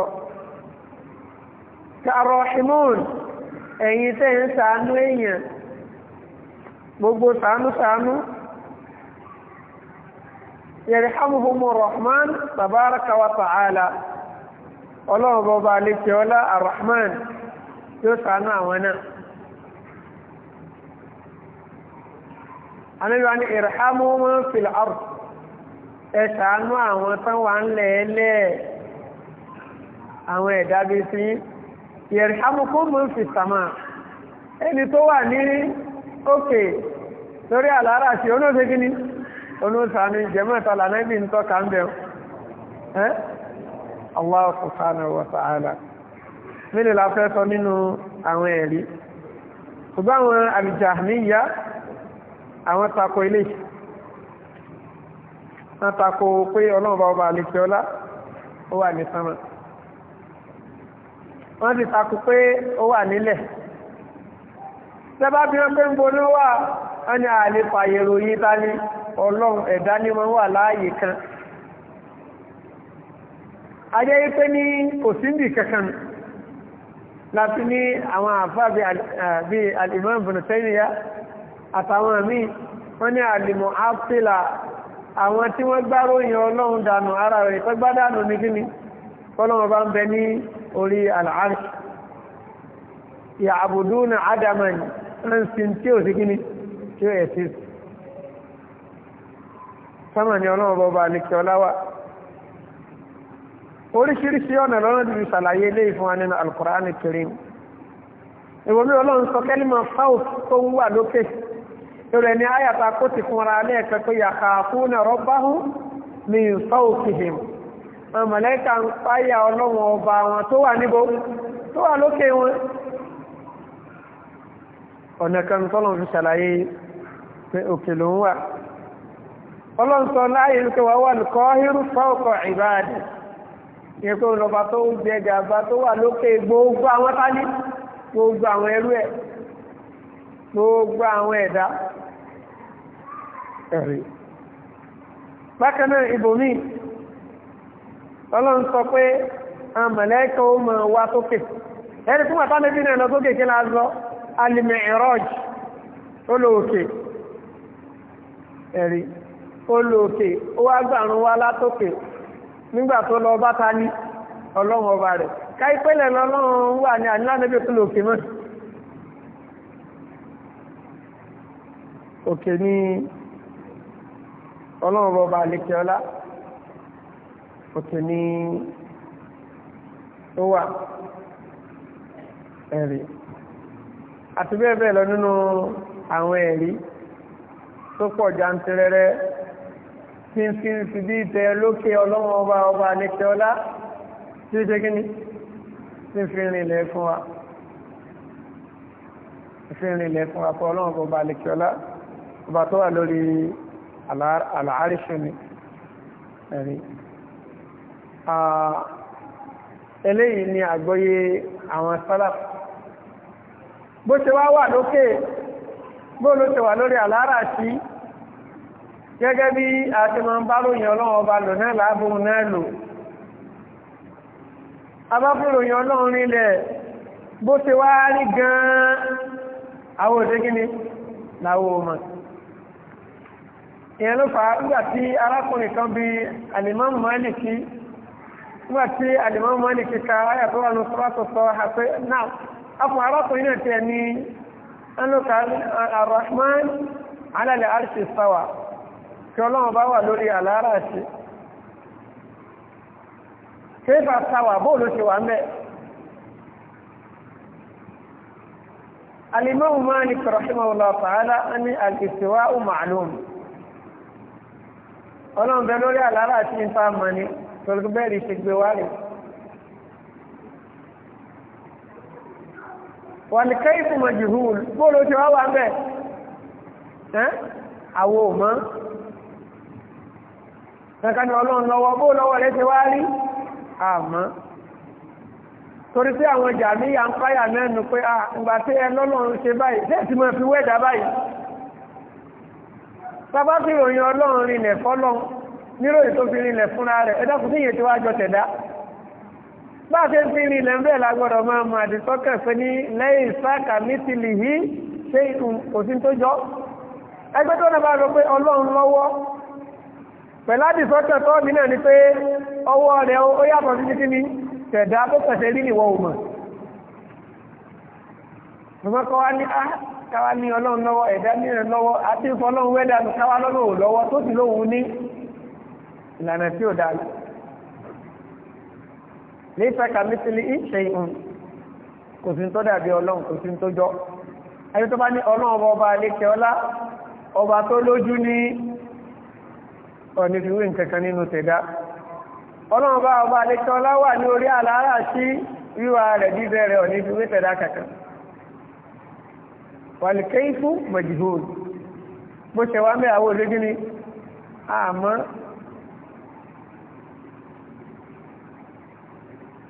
kàrọ̀ ìmúùn ẹ̀yin tẹ́ ń ṣàánú èèyàn gbogbo sànúsànú yarhamuhumur rahman tabaraka wa ta'ala ọlọ́run bọba alẹ́kẹ́ ọlá arrahman yóò sànú àwọn náà anáyọ́ ni irhamuhum fil ard ẹ sànú àwọn tán wà ń lẹ́ẹ̀lẹ́ àwọn ẹ̀dá bí sí yarhamukum fis sama ẹni tó wà ní òkè lórí àlàárà sí onóòsè kíní onóòsàánú jẹ́mọ̀ta lànàbí ń ń bẹ̀ ẹ́ nínú àwọn ẹ̀rí wọ́n tako pé ọlọ́ọ̀bá ọba àlèkè ọlá ó wà ní sánmà wọ́n ti tako pé ó wà nílẹ̀ tẹ́bá bí wọ́n pé ń bonú wà á ní àlè fàyèrò yìí ta ni ọlọ́run ẹ̀dá ni wọ́n wà láàyè kan ajẹ́ yìí pé ní kò síndì kankan láti ní àwọn àfá bí alìmọ́n bùnú àtàwọn míì wọ́n ní àlìmọ̀ ápìlà àwọn tí wọ́n gbáròyìn ọlọ́run dànù ara rẹ̀ tó gbádànù ní gíní kọ́lọ́run bá ń bẹ ní orí àlàárí ya'buduna adaman ń sin tí ò sí kí ni tí ó ẹ̀sí sámà ni ọlọ́run bọba àlekè ọláwà oríṣiríṣi ọ̀nà lọ́nà ti fi ṣàlàyé ilé ìfún wa nínú Al-Qur'an Al-Karim ìwòmí ọlọ́run sọ kẹ́límọ̀ fáwọ̀ tó ń wà lókè ìrẹ̀ ni àyàtà kó ti fúnra lẹ́ẹ̀kẹ́ pé yàkà fún rabbahum min fawqihim àwọn mọ̀lẹ́kà ń páyà ọlọ́run ọba wọn tó wà níbo tó wà lókè wọn ọ̀nà kan tọ́lọ̀ fi ṣàlàyé pé òkè ń wà ọlọ́nsọ láàyè ló kẹwàá wà lùkọ́ hírú fọ́ọ̀kọ̀ ìbáàdì ìyẹn pé olùlọ́ba tó ń jẹ gàba tó wà lókè gbogbo àwọn tání gbogbo àwọn ẹrú ẹ gbogbo àwọn ẹ̀dá ẹ̀rí bákan náà ibòmíì pé mọ̀ wá sókè ẹni al-mi'raj olóòkè ẹ̀rí olóòkè ó wá gbàrún wá látòkè nígbà tó lọ bá ta ní ọlọ́run ọba rẹ̀ káìpẹ́lẹ̀ lọ́lọ́run wà ní àníláàdébẹ̀ tó lòkè mọ́ òkè ní ọlọ́run ọba àlekè ọlá òkè ní ó wà ẹ̀rí. àti bẹ́ẹ̀ bẹ́ẹ̀ lọ nínú àwọn ẹ̀rí tó pọ̀ jantirẹrẹ tí ń fi fi bí ìtẹ lókè ọlọ́wọ́n ọba ọba àlẹ́kẹ́ ọlá tí ó ṣe kí ni tí ń fi rìnlẹ̀ fún wa fi rìnlẹ̀ fún wa fún ọlọ́wọ́n ọba àlẹ́kẹ́ ọlá ọba tó wà lórí àlàáríṣù ni ẹ̀rí ah, eléyìí ni àgbọ́yé àwọn sálàpù bó ṣe wá wà lókè bó ló ṣe wà lórí àlárà sí gẹ́gẹ́ bí a ti máa ń bá ọlọ́run ọba lò náà láàbùn náà lò abáfúròyìn ọlọ́run nílẹ̀ bó ṣe wá rí gan-an àwọn òṣè kí láwọ ọmọ ìyẹn ló fà á tí arákùnrin kan bí alimami nígbà tí ka àpẹ afọ arákùnrin náà tẹ ní ẹnlọ́ka arrahman alálẹ̀ arṣì sáwà kí ọlọ́run bá wà lórí àlàárà àti kéfà sáwà bóòlù ti wà mẹ́ alimọ́wù Malik rahimahullah ta'ala ní alìsíwá ma'lum ọlọ́run bẹ wàlìkẹ́yìfù mọ̀jìhùl bóòlù tí wọ́n wà ń bẹ̀ eh? àwọ̀ òmọ́ kankan ọlọ́run lọ́wọ́ bóòlù ọwọ́ ti wá rí àmọ́ torí pé àwọn jàmíyà ń páyà mẹ́nu pé à ah, ìgbà tí báyìí ti tí bá a ṣe ń fi rí ilẹ̀ ń bẹ́ẹ̀ lágbọ́dọ̀ máa mọ àdìsọ́kẹ̀ fẹ́ ní lẹ́yìn sáàkà ní ti lì yí ṣé òsín tó jọ ẹgbẹ́ tó náà bá rọ pé ọlọ́run lọ́wọ́ pẹ̀lú àdìsọ́kẹ̀ tó mi náà ni pé ọwọ́ rẹ̀ ó yàtọ̀ sí títí ni tẹ̀dá tó pẹ̀sẹ̀ rí nìwọ̀ òmà ṣùgbọ́n kọ́ wá ní á káwá ní ọlọ́run lọ́wọ́ ìlànà tí ò dáa léṣe kàmítìlì ìṣe ìhùn kò sí tó dàbí ọlọ́run kò sí tó jọ ẹni tó bá ní ọlọ́run ọba alékè ọlá ọba tó lójú ní ọ̀nà ìfìwé nǹkankan nínú tẹ̀dá ọlọ́run bá ọba alékè ọlá wà ní orí àlàárà sí wíwá rẹ̀ bíbẹ̀ ọ̀nà ìfìwé tẹ̀dá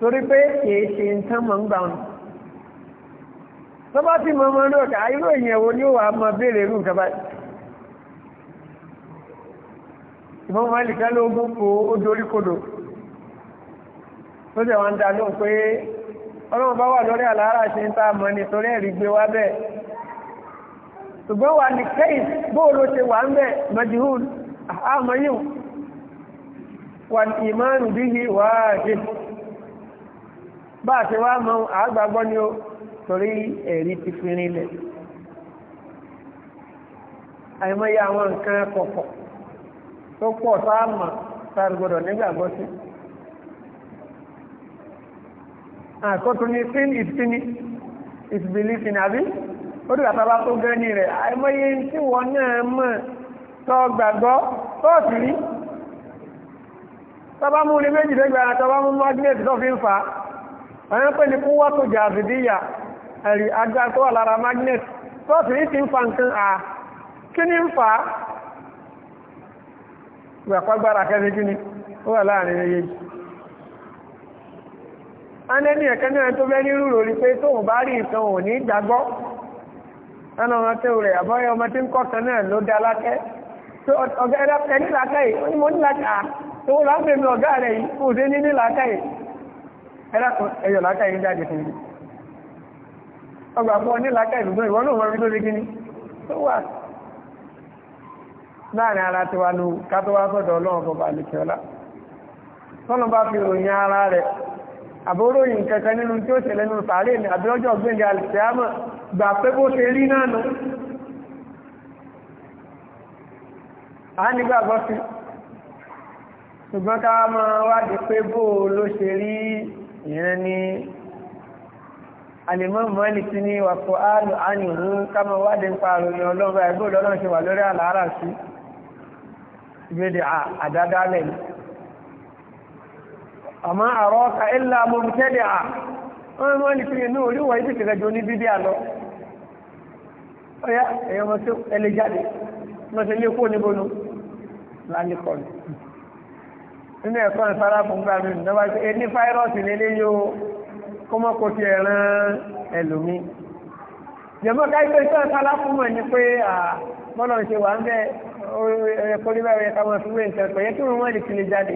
torí pé kìí ṣe mba mọ̀ ń gbà wọn tó bá ti mọ ọmọ náà ká irú èèyàn ó wà mọ béèrè irú nǹkan ìmọ̀ wọn lè kálọ́ ó dorí kodò tó pé ọlọ́run bá wà lórí àlàárà ṣe ń a mọ̀ ni torí ẹ̀rí gbé wá bẹ́ẹ̀ ṣùgbọ́n wà ní kẹ́yìn bóòlù ṣe bá àti wá mọ àgbàgbọ́ ni ó torí ẹ̀rí ti fi rinlẹ̀ àìmọye àwọn nǹkan pọ̀pọ̀ tó pọ̀ sáàmà sáàgbọ́dọ̀ nígbàgbọ́ sí àkọ́tún ní sin ìsinmi ìsìbìlìsìn àbí ó dìgbà tàbá tó gẹ́ ní rẹ̀ àìmọye tí wọ́n náà mọ̀ tó gbàgbọ́ tọ́ọ̀tì rí tọ́bá mú ní méjìlẹ́gbẹ̀rẹ̀ tọ́bá mú magnet tó fi ń fa àwọn pẹ̀lú kó wá tó jà àzìdíyà ẹ̀rì agbá tó wà lára magnet tọ́ọ̀tù yìí ti ń fa nǹkan à kí ni ń fa ìgbàpágbára kẹ́sí kí ni ó wà láàrin ẹyẹ yìí anẹ́ni ẹ̀kẹ́ náà tó bẹ́ ní rúrò rí pé tóun bá rí ìtàn ò ní gbàgbọ́ ẹnu ọmọ tó rẹ̀ àbọ́yẹ ọmọ tí ń kọ́ kan náà ló dá lákẹ́ ọ̀gá ẹni lákẹ́ yìí mo ní lákẹ́ ní lákẹ́ yìí ẹlẹ́kùn ẹyọ̀ látà yìí jáde fún mi ọgbà fún ọ ní látà ìdúgbò ìwọ náà wọ́n rí lórí kíní tó wà láàrin ara tiwa nu kátó wá sọ́dọ̀ ọlọ́run bọba àlùkẹ́ọ́lá tọ́nà bá fi ròyìn ara rẹ̀ àbóróyìn kankan nínú tí ó ṣẹlẹ̀ nínú sàárè ní àbíọ́jọ́ gbẹ̀ngẹ̀ àlùkẹ́ámọ̀ gbà pé bó ṣe rí náà nù ìyẹn ní alimọ́mù mọ́lìkì ní wàkó áàlù ánìrú kámọ̀ wádìí ń pa àròyìn ọlọ́run ẹgbẹ́ olóòrùn ṣe wà lórí àlàárà sí ìgbéde àdádálẹ̀ ni àmọ́ àrọ́ọ̀ka ilá mọ́mùtẹ́dẹ̀ à wọ́n mọ́lìkì ní oríwọ̀ ibi kẹgẹjọ ní bíbí àlọ́ ọ̀yá ẹ̀yọ́mọ́sí ẹlẹ́jáde mọ́sí ilé kó níbonú lálẹ́kọ̀ọ́ nínú ẹ̀kọ́ ìsára fún gbà mí nígbà tí ẹni fáírọ́ọ̀sì lélé yóò kó mọ́ kó ti ẹ̀ràn ẹlòmí jẹ̀mọ́ káyipẹ́ sọ́ọ̀ sára fún mọ̀ ní pé bọ́lọ̀ ń ṣe wà ń bẹ́ ẹ̀kọ́ ní báyìí ká mọ̀ fi wé nǹkan pẹ̀yẹ kí wọ́n lè ti lè jáde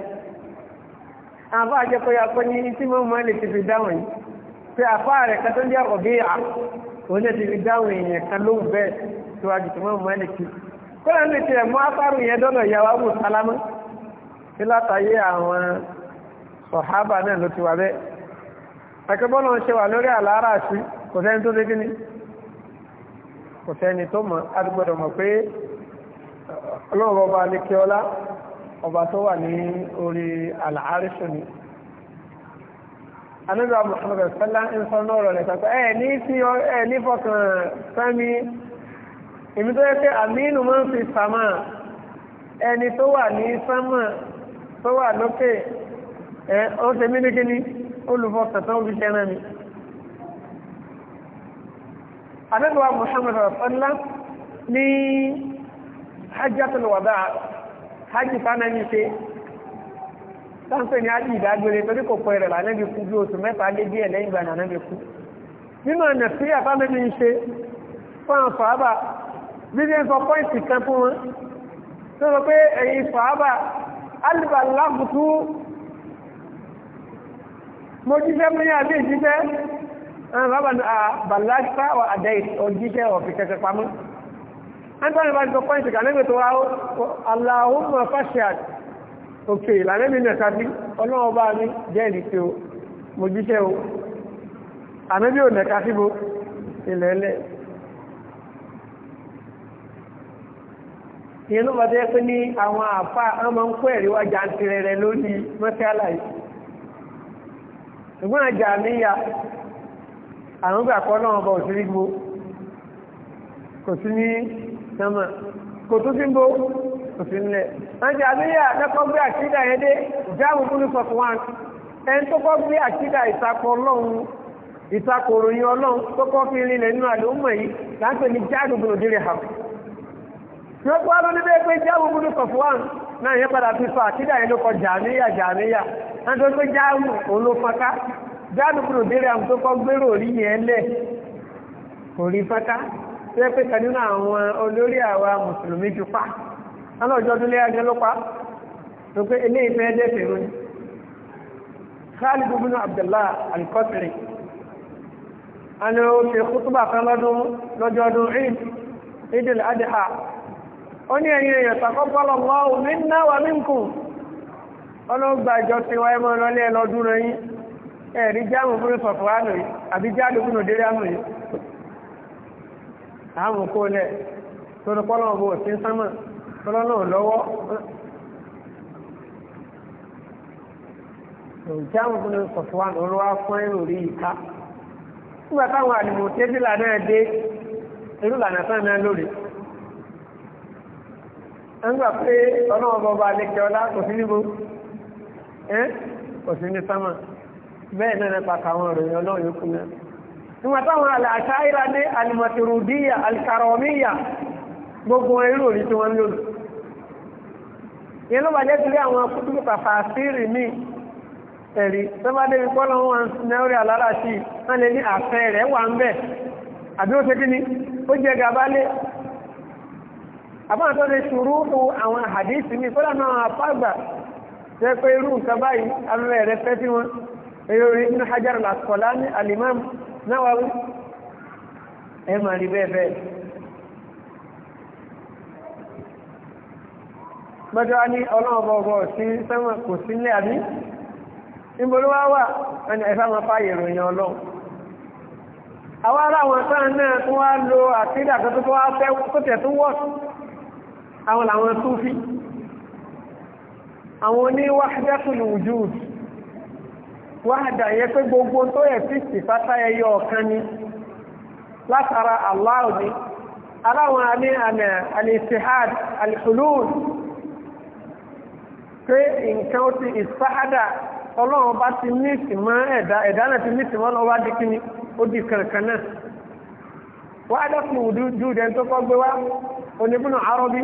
àfa àjẹpẹ́ akọ́ ní tí mo mọ̀ lè ti fi dáhùn yìí pé àfa rẹ̀ kẹ́tọ́ ń jẹ́ ọ̀bí à òun lè ti fi dáhùn èèyàn kan lóhùn bẹ́ẹ̀ tó àjùtùmọ̀ mọ̀ lè ti kó ní látàyé àwọn sọ̀hábà náà ló ti wà bẹ́ẹ̀ akẹ́bọ́nà ṣe wà lórí àlàárà sí kò sẹ́ni tó dégí ni kò sẹ́ni tó mọ̀ adúgbọ́dọ̀ mọ̀ pé ọlọ́run ọba ní kí ọlá ọba tó wà ní orí àlàárìṣù Muhammad sallá ń sọ náà rọ̀ rẹ̀ sọ́kọ́ ẹ̀ ní sí ẹ̀ ní fọkàn sẹ́mi èmi tó yẹ pé àmínú máa ń fi sàmà ẹni tó wà ní sánmà tó wà lókè ẹ ó ṣe mí ní kíní olùfọkàn tó ń fi ṣẹ́ náà ni. àdébùwà Muhammad ní hajjatul wada hajji fana ní ṣe ni ní hajji ìdágbére torí kò pọ̀ ẹ̀rẹ̀ lànàbí kú bí oṣù mẹ́ta lé díẹ̀ lẹ́yìn ìgbà lànàbí kú nínú ọ̀nà sí àfáàmẹ́bí ń ṣe fún àwọn bí ṣe sọ pọ́ìntì kan fún wọn tó sọ pé ẹ̀yin sọ̀ábà alìbàláfùtú mo jíṣẹ́ mú ní àbí ìjíṣẹ́ bàláṣpá wà àdẹ́ òjíṣẹ́ ọ̀fìkẹ́kẹ́ pamọ́ ẹgbẹ́ni bá jọ pọ́ìntì kà nígbè tó ráwọ́ aláhùnmọ̀ fásíàt òkè ìlànà mi nẹ̀ta bí ọlọ́wọ́ bá mi jẹ́ ìdíṣẹ́ o mo jíṣẹ́ o àmẹ́bí ò nẹ̀ka síbo ilẹ̀ ẹlẹ́ẹ̀ ìyẹn ló máa jẹ́ ní àwọn àfa ọmọ ń kó ẹ̀rí wájà ń tirẹ̀ rẹ̀ lórí mọ́sálà ṣùgbọ́n àjà níyà àwọn gbà kọ́ náà bọ̀ sí rígbó kò sí ní sánmà kò tún sí ń bó kò sí nílẹ̀ àjà níyà lẹ́kọ́ gbé àkídà yẹn dé jáàmù tó kọ́ gbé àkídà ìtakò ọlọ́run ìtakò òròyìn ọlọ́run tó kọ́ fi rinlẹ̀ nínú àlè wọ́n kó alóní bẹ́ẹ̀ pé jáwó múlù kọ̀fúwán náà yẹn padà fi sọ àkídà yẹn ló kọ jàmíyà jàmíyà wọ́n tó pé jáwó olófọ́ká jáàmù kúrò délé àwọn tó kọ́ gbérò rí yẹn lẹ̀ kò rí fọ́ká tó yẹ pé kan nínú àwọn olórí àwa mùsùlùmí ju pa ọlọ́jọ́ dúlé ajé ló pa tó pé eléyìí fẹ́ dẹ́ fèrò ni Khalid ibn Abdullah al-Qasri a ṣe kútùbà kan lọ́dún lọ́jọ́ ọdún ó ní ẹ̀yin èèyàn tàkọ́pọ̀lọ̀ mọ́ omi ńlá ọlọ́gbàjọ ti wáyé mọ́ lọ́lẹ́ ẹlọ́dún rẹ̀ ẹ̀rí jáàmù fún ìfọ̀fọ̀ àbí jáàmù fún yìí àmù kó lẹ̀ torí ọ̀bọ̀ òsì sánmà ẹgbà pé ọlọ́wọ́ bọba alẹ́kẹ́ ọlá kò sí níbo ẹ́ kò sí ní sámà bẹ́ẹ̀ náà nípa kàwọn ìròyìn ọlọ́run yókù náà nígbà táwọn àṣàyíra ní alimọ̀tìrúdíyà alikarọ̀míyà gbogbo irú òní tí wọ́n ń lò yẹn ló bá jẹ́ sílé àwọn kútùkù kàfà sírì míì ẹ̀rí tọ́bádé ní kọ́lọ̀ wọn nẹ́rí alára sí wọ́n lè ní àfẹ́ rẹ̀ wà ń bẹ̀ àbí ó ṣe kí ni ó jẹ gàbálé àbá tó lè ṣùrùkù àwọn àdìsí mi kọ́lá náà àfágbà jẹ́ pé irú nǹkan báyìí alẹ́ rẹ̀ fẹ́ tí wọ́n eré orí inú hajar làkọ̀lá ní alimam Nawawi ẹ máa rí bẹ́ẹ̀ bẹ́ẹ̀. gbọ́dọ̀ ní ọlọ́ọ̀bọ̀ọ̀bọ̀ sí sẹ́wọ̀n kò sílẹ̀ àbí ìbolówá wà ẹni àwọn ará àwọn sáà náà tó wá lo àtìdà tó tó wá fẹ́ tó tẹ̀ tó wọ́sùn àwọn làwọn Súfí àwọn oní wahdatul wujud wáhádà yẹ pé gbogbo tó yẹ tí ìfátá ẹyọ ọ̀kan ni látara Allah ni aláwọn alẹ́ àmì al-ittihad al-hulul pé nǹkan ó ti ìsáhádà ọlọ́run bá ti ní ẹ̀dá ẹ̀dá náà ti ní wọ́n á dọ́kùn wùdúdúdẹ tó kọ́ gbé wá oníbùnà arọ́bí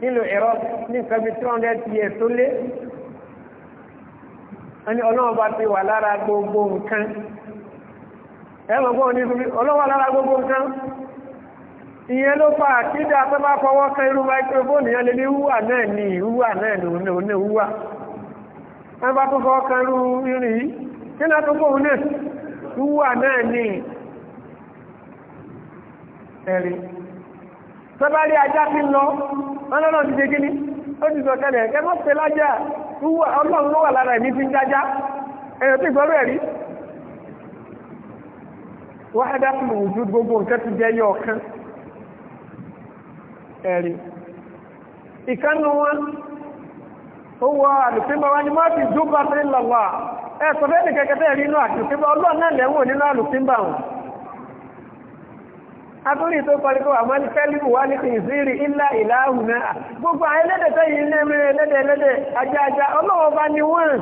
nílò ẹ̀rọ ní nǹkan years tó lé ẹni ti wà lára gbogbo nǹkan ẹ̀mọ̀ ọlọ́wọ́ lára gbogbo nǹkan ìyẹn ló fa àkídà tó fọwọ́ kan irú microphone yẹn lè ní wúwà náà ní náà ní òun náà wúwà tó fọwọ́ ẹ̀rí tọ́bárí ajá fi lọ ọlọ́rọ̀ ti ṣe kíní ó ti sọ̀kẹ́lẹ̀ ẹgbẹ́ pẹ́ lájá ọlọ́run ló wà lára ẹ̀mí fi ń dájá tí gbọ́rọ̀ ẹ̀rí wáhádá fún òjú gbogbo nǹkan ti jẹ́ yọ ọ̀kan ẹ̀rí ìkánu wọn ó wọ wá ní má fi lọ́wọ́ nìkẹ́kẹ́ atúrí tó kọ́ ní kó àmọ́ ní kẹ́lìkù wá ní kìnsìrì ilá ìlàhùn náà gbogbo àwọn ẹlẹ́dẹ̀ tó yìí ní ẹmẹ́rẹ́ ẹlẹ́dẹ̀ ẹlẹ́dẹ̀ ajájá ọlọ́wọ́ bá ní wọ́n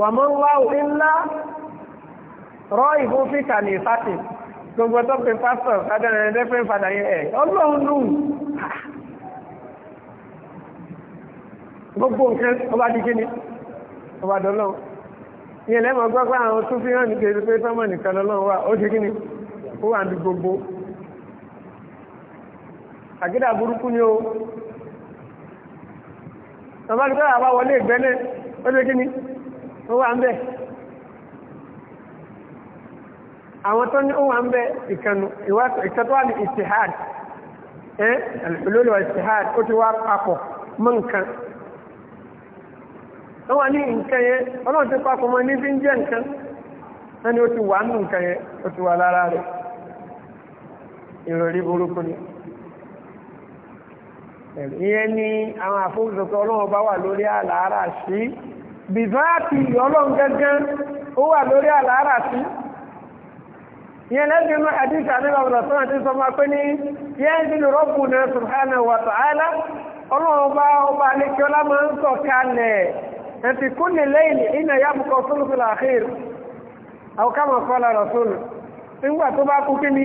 wà mọ́ wá ilá rọ́ ìbò fíkà ní ìfàtì gbogbo tó pe pásítọ̀ sádẹ́rẹ́ gbọ́gbọ́ àwọn tó fi hàn ní kèrè pé sọ́mọ̀ nìkan lọ́lọ́run ó ti kí ni ó wà ní gbogbo àgídà burúkú ni ó ọba ní kọ́ra wọlé ìgbẹ́ náà ó lé kí ni ó wà ń bẹ̀ àwọn tó ní ó wà ń bẹ̀ ìkànnù ìkàtọ́ ní ìtìhad ẹ́ olóòlù ìtìhad ó ti wá papọ̀ mọ́ nǹkan ó wà ní nǹkan yẹn ọlọ́run ti papọ̀ mọ́ ní ń jẹ́ nǹkan ni ó ti wà nǹkan yẹn ó ti wà lára rẹ̀. ìròrí burúkú ni ìyẹn ni àwọn àfojúsọ̀tọ̀ ọlọ́run bá wà lórí àlàárà sí bìbáàtì ọlọ́run gángan ó wà lórí àlàárà sí ìyẹn lẹ́gbẹ̀ẹ́ mọ́ àdíṣà ní ọ̀rọ̀ sọ́nà tí sọmọ pé ní yẹn ti lè rọ́pù náà subhanahu wa ta'ala ọlọ́run bá ọba alẹ́kíọ́lá máa ń sọ kalẹ̀ ẹ̀fì nígbà tó bá kú kí ni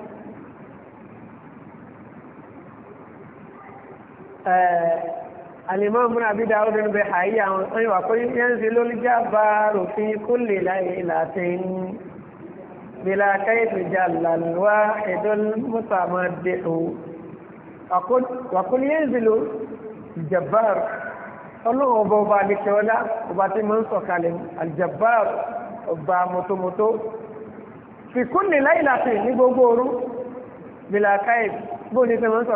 àlèmọ́ múra bí dáwọ́ dẹnu bẹ àyè àwọn ọ̀hún ìwà pé yẹnzi lólíjà bá ròfin kó lè láyé láti ń bílá káyọ̀tì jà lálùwá ẹ̀dọ́ mùsàmọ́ dé o wàkúlù yẹnzi ló jabbar ọlọ́run ọba ọba adékẹ́ọ́lá ọba tí mo ń sọ̀kalẹ̀ aljabbar ọba mọ́tòmọ́tò fi kó lè láyé láti ní gbogbo òru bílá káyọ̀tì bóun ní sọ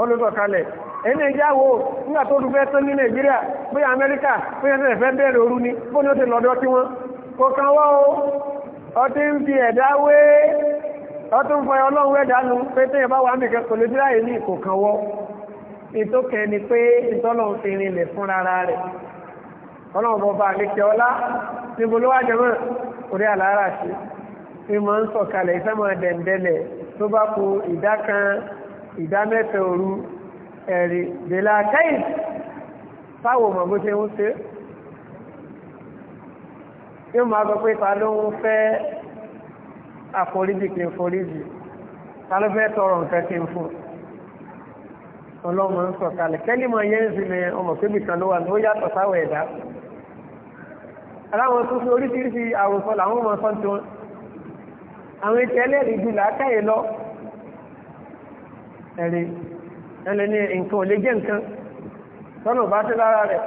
olùsọ̀kalẹ̀ ẹni ìjà wo nígbà tó dùn fẹ́ tán ní nàìjíríà bóyá amẹ́ríkà bóyá tẹ̀lẹ̀ fẹ́ bẹ̀rẹ̀ òru ni bó ni ó ti lọ́dọ̀ tí wọ́n kò kan wọ́ o ọtí ń fi ẹ̀dá wé ọtí ń fọyọ ọlọ́run wẹ̀dá nu pé téèyàn bá wà á mìkan kò lè dúrà yìí ní kò kan wọ́ ìtókè ni pé ìtọ́lọ́run fi rinlẹ̀ fún rárá rẹ̀ ọlọ́run bọ́ bá àlékè ọlá níbo ló wá jẹmọ́ orí àlàárà sí ìmọ̀ ń sọ̀kalẹ̀ ìfẹ́ mọ́ dẹ̀ndẹ̀lẹ̀ tó bá ku ìdá kan ìdá mẹ́ta òru ẹ̀rì bèlà káyìn fáwọn ọmọ bó ṣe ń ṣe yóò máa gbọ́ pé ta ló ń fẹ́ àforíjì kí n foríjì ta ló fẹ́ tọrọ nǹkan kí n fún ọlọ́mọ ń sọ kalẹ̀ kẹ́límọ̀ yẹn ń sinmi ọmọ kébì kan ló wà ní ó yàtọ̀ sáwọ̀ ẹ̀dá aláwọn tó fi oríṣiríṣi àròsọ làwọn ọmọ sọ́ńtì àwọn ètò ẹlẹ́rìí ju lọ ẹ̀rí ẹlẹ́ ní nǹkan ò lè jẹ́ nǹkan tọ́nà bá tẹ́ lára rẹ̀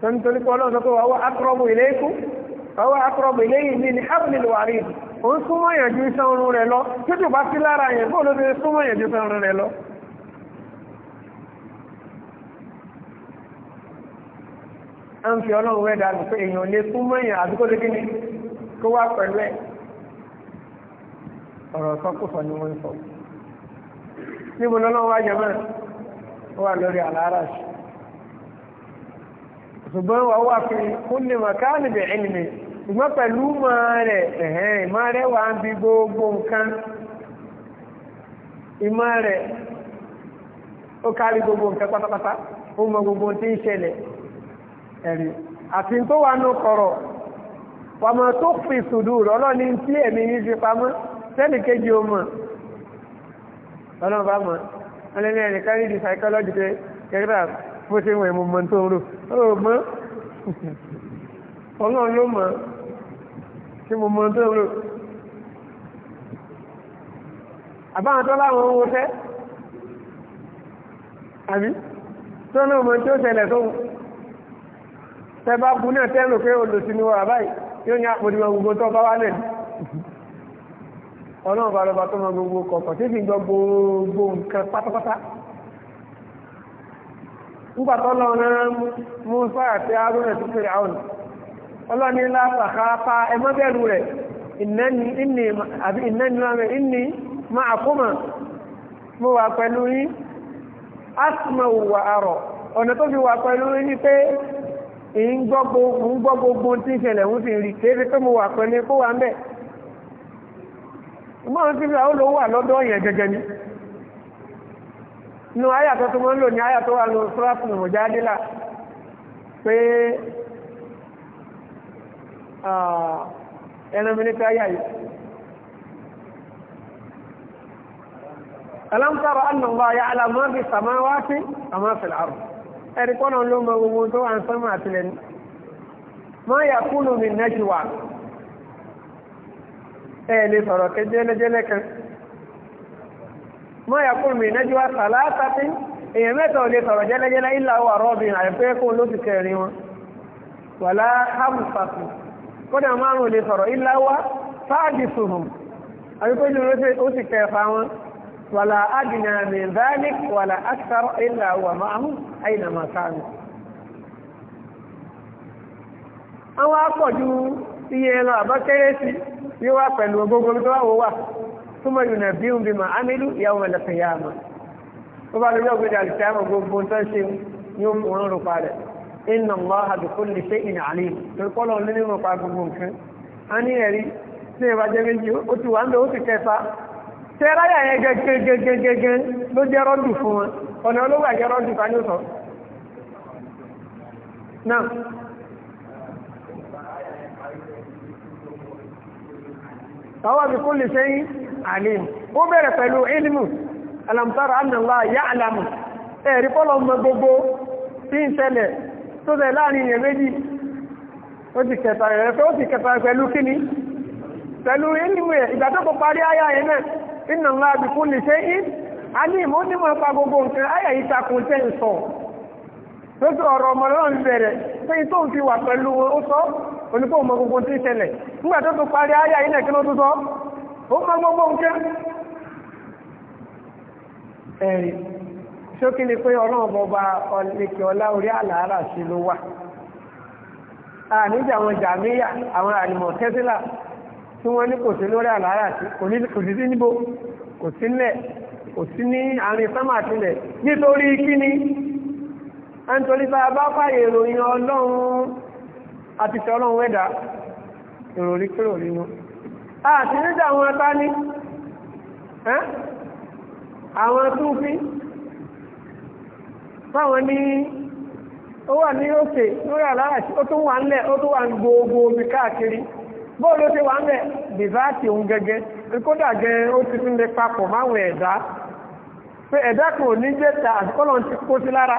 tọ́ni torí pé ọlọ́run sọ pé wàá wá akọ́rọ́bù ilé ikú wàá wá akọ́rọ́bù ilé yìí ní hablil warid òun súnmọ́ yẹn ju iṣẹ́ oorun rẹ̀ lọ títù bá sí lára yẹn bó ló ti súnmọ́ yẹn ju iṣẹ́ oorun rẹ̀ lọ. à ń fi ọlọ́run wẹ́ dànù pé èèyàn lè súnmọ́ yẹn àdúgbò lé kíni kó wá pẹ̀lú ẹ̀ ọ̀rọ̀ sọ́kùsọ ni wọ́n ń sọ níbo lọ́lọ́wọ́ ajẹ́mọ́ ó wà lórí àlàárà sí ṣùgbọ́n wà wà fi kúnlẹ̀ màkáàlì bẹ̀ ẹ̀lìmẹ̀ ṣùgbọ́n pẹ̀lú máa rẹ̀ ẹ̀hẹ́n ìmá rẹ̀ wà ń bi gbogbo nǹkan ìmá rẹ̀ ó kárí gbogbo nǹkan pátápátá ó mọ gbogbo tí ń ṣẹlẹ̀ ẹ̀rí àti tó wà nù kọ̀rọ̀ wà máa tó fi sùdúrù ọlọ́ni tí ẹ̀mí yìí fi pamọ́ sẹ́nìkejì ó ọlọ́run bá mọ̀ ọlẹ́ni ẹnìkan ní di psychology pé kẹrìbà bó ṣe wọ̀nyí mo mọ̀ tó ń rò ó mọ́ ọlọ́run ló mọ̀ tí mo mọ̀ tó ń rò àbáwọn tó láwọn owó fẹ́ àbí tó náà mọ̀ tí ó ṣẹlẹ̀ tó tẹ bá kú náà tẹ́ pé olùsìn àbáyé yóò ní àpòdìmọ̀ gbogbo tó bá wà ọlọ́run bá lọ́ba tó mọ gbogbo kọ̀ọ̀kan tí fi ń gbọ́ gbogbo nǹkan pátápátá nígbà tó lọ rẹ mú sáyà tí a rúnà sí fèrè àwọn ọlọ́run ní látàkà pa ẹmọ́ bẹ̀rù rẹ̀ ìnẹ́ni máa kúmà mo wà pẹ̀lú yín asma wà àrọ̀ ọ̀nà tó fi wà pẹ̀lú yín ni pé ìgbọ́ gbogbo tí ìṣẹ̀lẹ̀ ń fi rí kéde pé mo wà pẹ̀lú kó wà ń bẹ́ẹ̀ ìmọ̀ràn tí ó lọ wà lọ́dọ̀ yẹn gẹ́gẹ́ ni inú ayàtọ̀ tó mọ́ ń lò ní ayàtọ̀ wà lọ sọ́rọ̀fún ìmọ̀jáadélà pé ẹran mẹ́lẹ́ta ayà yìí alámsára annàmbá ya alamọ́ bí samáwáti àmáfẹ́lá àrùn ẹ̀rí kọ́nà ló mọ gbogbo tó wà ń sánmà àtìlẹ́ni mọ́ yà kúnnù mi náà ẹ lè sọ̀rọ̀ kẹ kan mọ́ yàkùn mi nájú wa sàlátà tí èèyàn mẹ́ta ò sọ̀rọ̀ jẹ́lẹ́jẹ́lẹ́ ìlà wà rọ́bìn àìpẹ́ kó ló ti kẹrin wọn wàlá hamsatu kódà márùn lè sọ̀rọ̀ ìlà wà sáàdì sùhùn àìpẹ́ jù ó kẹfà wọn wàlá adìnà min wà màkánù àwọn iye yóò wá pẹ̀lú ogógó tó wáwó wà túmọ̀ yìí nà bí ń bí mà ámìlú ìyàwó mẹ́lẹ̀ fẹ̀ yá mà tó bá lórí ọ̀gbẹ́dẹ àlùfẹ́ àmọ̀ gbogbo tó ń ṣe ní òun rò padà inna Allaha bi kulli shay'in alim torí kọ́ lọ́n nínú pa gbogbo nǹkan a ní ẹ̀rí tí ẹ bá jẹ́ méjì ó ti wà ń bẹ ó ti kẹfà tẹ ráyà yẹn gẹ́gẹ́gẹ́gẹ́gẹ́ ló jẹ́ rọ́dù fún wọn ọ̀nà olówó àjẹrọ́dù fani ó sọ فهو بكل شيء عليم وبر فلو علم ألم تر أن الله يعلم اعرف لهم بوبو فين سنة تذا لاني يمدي ودي كتاب ودي كتاب فلو كني فلو علم إذا تبقى باري آية هنا إن الله بكل شيء عليم ودي ما بوبو آية يتاكم تنسو Lọ́sọ̀rọ̀ ọ̀rọ̀ ọmọ lọ́rùn bẹ̀rẹ̀, pé tó ń fi wà pẹ̀lú ó sọ, onípò mọ gbogbo tí ń ṣẹlẹ̀ nígbà tó tó parí ayé ayé náà kí ló tó sọ ó mọ gbogbo nǹkan ẹ̀rí ṣókí ni pé ọlọ́run bọba ọ̀lẹ́kẹ̀ ọlá orí àlàárà sí ló wà àníjà àwọn jàmíyà àwọn àlìmọ̀ tẹ́sílà tí wọ́n ní kò sí lórí àlàárà sí kò sí sí níbo kò sí nílẹ̀ kò sí ní àárín sámà tilẹ̀ nítorí kíni nítorí bá a bá fàyè ìròyìn ọlọ́run àti fẹ́ ọlọ́run wẹ́dà ìròrí kúrò nínú àti nígbà àwọn ẹbá ní àwọn túnfí fáwọn ní ó wà ní òkè lórí àláràṣí ó tún wà ń lẹ̀ ó tún wà ń gbogbo omi káàkiri bóò ló ṣe wà ń bẹ̀ dìbáàtì òun gẹ́gẹ́ kódà gẹ́gẹ́ ó ti tún lè papọ̀ máwọn ẹ̀dá pé ẹ̀dá kan ò ní jẹ́ta àti kọ́lọ̀ ti kó sí lára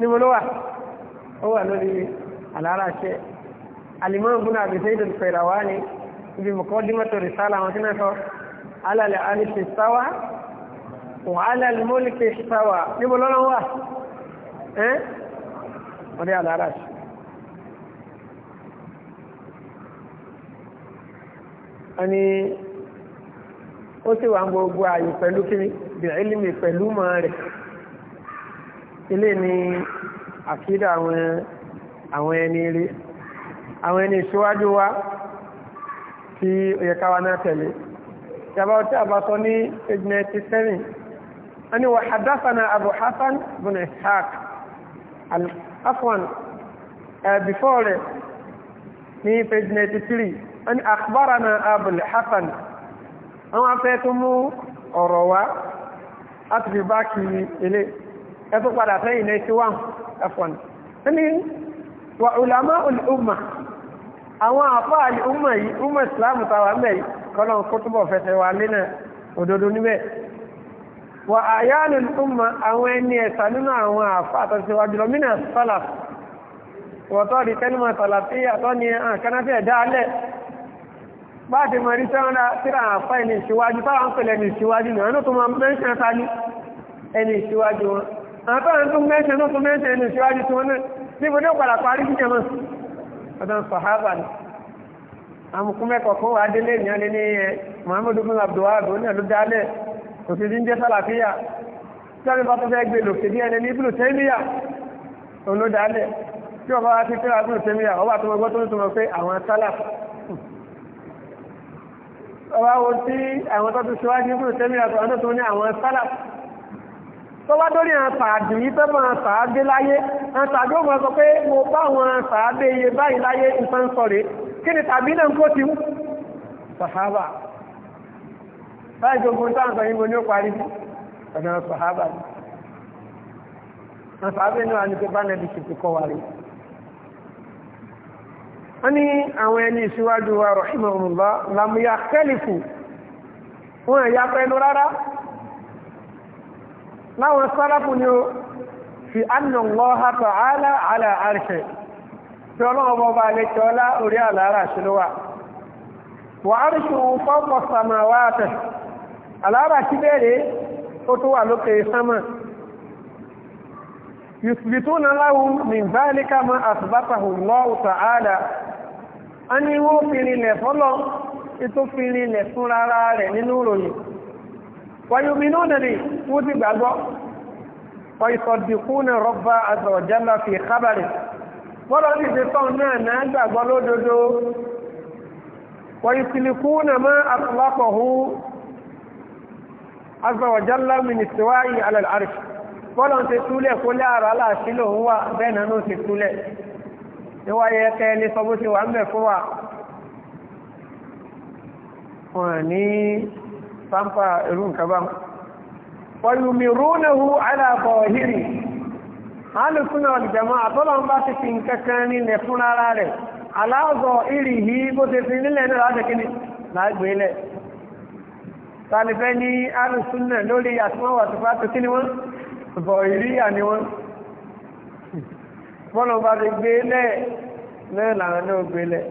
níbo ló wà ó wà lórí àlàáṣẹ alimọ́ ibn Abi Zayd al-Qayrawani ibi muqaddimatu risala àwọn tí náà sọ alàlẹ́ alìsì sáwà wà alàlẹ́ mọ́lìkì sáwà níbo lọ́nà wà ẹ́ wọ́n dé àlàáṣẹ. ẹni ó sì wà gbogbo ààyè pẹ̀lú kíni bìrìlìmì pẹ̀lú mọ́ rẹ̀ ilé ni àkídà àwọn ẹni rí àwọn ẹni ìṣíwájú wa tí ó yẹ ká wa náà tẹ̀lé ìjàmbá ọtí àbátọ ní page ninety seven wọ́n ni wà hadassana abu hasan bin ishaq al-afwan eh, before rẹ̀ ní page ninety three wọ́n abu hasan wọ́n wá tó mú ọ̀rọ̀ wa láti fi bá kiri ilé ẹ tó padà sẹ́yìn ní ṣíwá ẹ̀fọ̀n ní wà ulama al-umma àwọn àfá al-umma yìí umma islamu tàwà mẹ́ yìí kọ́nà kó túbọ̀ fẹsẹ̀ wà lẹ́nà òdodo níbẹ̀ wà àyánu al-umma àwọn ẹni ẹ̀sà nínú àwọn àfá àtọ́síwájú lọ mínà sọ́là wọ́tọ́ di tẹ́lùmọ̀ ah, sọ́là tí àtọ́ ni ẹni ìṣíwájú wọn àbáwọn tó mẹ́sẹ̀ ló tó mẹ́sẹ̀ ní ìṣíwájú tí wọ́n náà níbo ní ọ̀pàdà parí jíjẹ mọ́ ọ̀dọ̀ sọ̀hábà ni àmukúmẹ́kọ̀ọ́ kó wá délé ìyàn lé ní ẹ Muhammadu bin Abdulwahab náà ló dálẹ̀ kò sí jíjẹ sàlàfíà sọ́ni bá tó fẹ́ gbé lòkè bí ẹni ní ibùdó tẹ́míyà òun ló dálẹ̀ tí ọba wa ti fẹ́ wá ibùdó tẹ́míyà ọba tó mọ gbọ́ àwọn sálàfù ọba wo tí àwọn tó ti tó ní àwọn sálàfù tó bá dórí àwọn sàádì yìí tó máa sàádé láyé àwọn sàádé ó máa sọ pé mo bá àwọn sàádé iye báyìí láyé nǹkan sọ rèé kí ni tàbí náà kó ti mú sàhábà báyìí gbogbo ń táǹsọ̀ yìí mo ní ó parí sí ọ̀nà sàhábà ni àwọn sàádé náà ni pé bá nàbí ṣe ti kọ́ wa rèé wọ́n ní àwọn ẹni ìṣíwájú wa rahimahumullah lamuya kẹ́lifù wọ́n ẹ̀yà pẹ́nu rárá láwọn sáràpù ni ó fi annallaha ta'ala ala arṣẹ tí ọlọ́run bọba alẹ́kẹ́ ọlá orí àlàárà ṣe ló wà wà arṣẹ òun fọ́pọ̀ sàmàwà àtẹ̀ àlàárà sí bẹ́ẹ̀rẹ̀ ó tó wà lókè sánmà yusbituna lahum min zalika ma asbatahu Allahu ta'ala a ní wọ́n fi rinlẹ̀ fọ́lọ́ ètò fi rinlẹ̀ fúnra ويؤمنون لي فوتي بالبو ويصدقون رب عز وجل في خبره ولا يصدقون نانا بالبو لودو ويسلكون ما أطلقه عز وجل من استوائه على العرش ولا تسولي كل أرى لا شلو هو بين نوس تسولي هو يكالي صبوتي وعمي فوا واني pàmpà irú nǹkan bá wọ́yùmí rúnahú aláàbọ̀hírì alùsùnà ọ̀dìjàmọ́ àtọ́lọ́n bá ti fi nǹkan kan nílẹ̀ fún ara rẹ̀ aláàzọ̀ ìrì hí bó ti fi nílẹ̀ náà lájẹ́kíní lágbèélẹ̀ tàlifẹ́ ní alùsùnà lórí àtúnwọ̀wọ̀ àtúfàtù kí ni wọ́n bọ̀ wọ́n bọ́lọ̀ bá ti gbé lẹ́ẹ̀ lẹ́ẹ̀ gbé lẹ́ẹ̀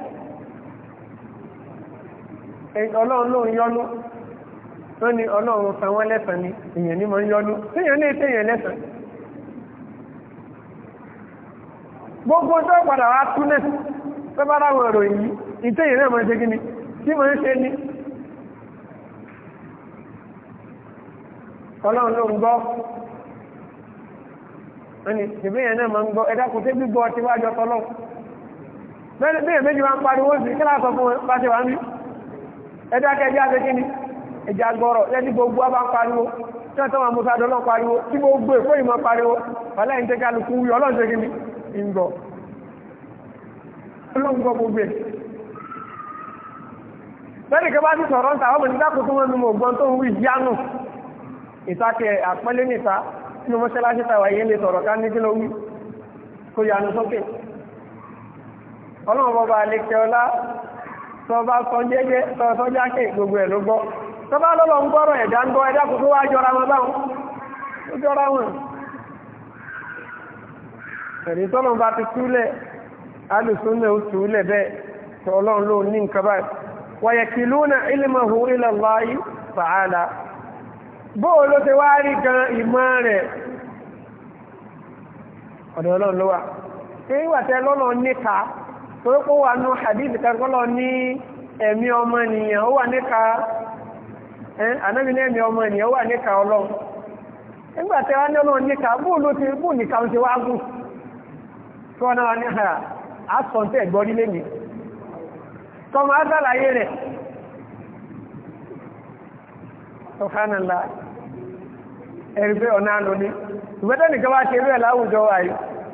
ọlọ́run ló ń yọ́nú tó ní ọlọ́run fa wọ́n lẹ́sàn ni èèyàn ní mọ̀ ń yọ́nú téèyàn lè téèyàn lẹ́sàn. gbogbo tó padà wá tú náà tó bá dáwọn ọ̀rọ̀ yìí ìtéèyàn náà máa ń ṣe kí ni tí mo ń ṣe ni. ọlọ́run ló ń gbọ́ ẹni ìbéèyàn náà máa ń gbọ́ ẹ̀dá kò tẹ́ gbígbọ́ ọtí wájú ọtọ́ lọ́wọ́ bẹ́ẹ̀ méjì máa ń pariwo sí kí láàtọ̀ fún wọn bá ṣe wá ń bí ẹ̀dákẹ́ ẹjá ṣe kí ni ẹjá gbọ́rọ̀ lẹ́ni gbogbo ọba pariwo tí wọ́n tọ́wọ́ musa dọ́lọ́ pariwo tí gbogbo èkó e ìmọ̀ pariwo wàlẹ́ ìtẹ́ kálukú wí ọlọ́run ṣe kí ni ìgbọ̀ ọlọ́run gbọ́ gbogbo ẹ̀ lẹ́ni kí wọ́n ti sọ̀rọ̀ níta ọmọ nígbà tó wọn mú ọgbọ́n tó ń wí yánù ìtakẹ̀ àpẹ́lẹ́ níta nínú mọ́ṣáláṣí tàwa yẹn lè sọ̀rọ̀ ká ní kí ló wí kó yanu sókè ọlọ́run bọ́ba alẹ́kẹ́ ọlá sọba sọ jẹ́jẹ́ gbogbo ẹ̀ ló gbọ́ sọba lọ́lọ́ ń gbọ́rọ̀ ẹ̀dá ń gbọ́ ẹ̀dá kòkó wá jọra wọn báwọn ó jọra wọn ẹ̀rí tọ́lọ́n bá ti túlẹ̀ ó túlẹ̀ bẹ́ẹ̀ ló ní nǹkan báyìí kì lúnà lọ́láyé fàálà bóò ló ti wá gan ìmọ̀ rẹ̀ ọ̀dọ̀ ọlọ́run ló wà ṣé lọ́lọ́ níta tó kó wà ní hadith kankọ́lọ̀ ní ẹ̀mí ọmọ ènìyàn ó wà níka ẹ̀mí ọmọ ènìyàn ó wà níka ọlọ́run nígbà tí ní ọlọ́run níka ló ti bóò níka ti wá gùn tí wọ́n náà ní ha rẹ̀ ọ̀nà àlọ́ ní nìkan wá ṣe ẹ̀ láwùjọ wáyé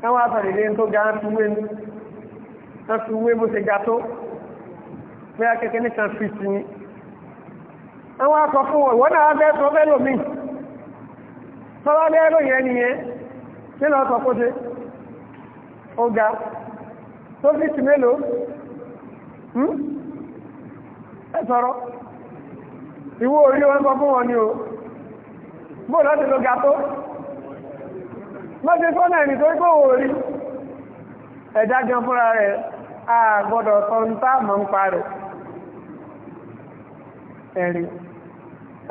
káwọn àtàlélé tó ga ń bó ṣe ga tó bóyá ní kan fi sí àwọn akọ fún wọn ìwọ́n náà bẹ́ẹ̀ sọ bẹ́ẹ̀ lómi tọ́wọ́ bẹ́ẹ̀ lóyìn ẹni yẹn lọ sọ kóṣe ó ga tó fi sí mélòó hmm? ẹ sọ̀rọ̀ ìwọ orí wọn sọ fún wọn mọ́sí fọ́nà ẹni tó kó orí ẹ̀dá jọ fúnra rẹ̀ àgbọ́dọ̀ tọ́ ń tá mọ́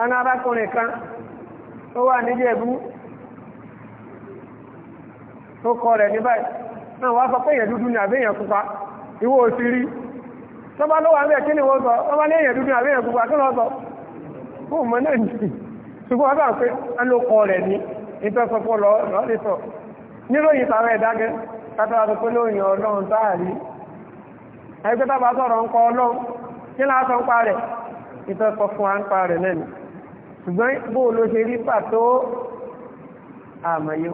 ń arákùnrin kan tó wà níjẹ̀bú tó kọ rẹ̀ ní báyìí náà wá sọ pé dúdú ló wà ń bẹ̀ kí ni wọ́n sọ ní rẹ̀ ìtọ́sọpọ̀ lọ́lẹ́sọ̀ níròyìn tàwọn ẹ̀dágẹ́ kátàrà tó pé lóyìn ọlọ́run táàrí ẹgbẹ́ tàbá sọ̀rọ̀ ń kọ ọlọ́run kí láàá sọ ń pa rẹ̀ ìtọ́sọ fún wa ń pa rẹ̀ lẹ́nu ṣùgbọ́n bó ló ṣe rí pàtó àmọ̀yó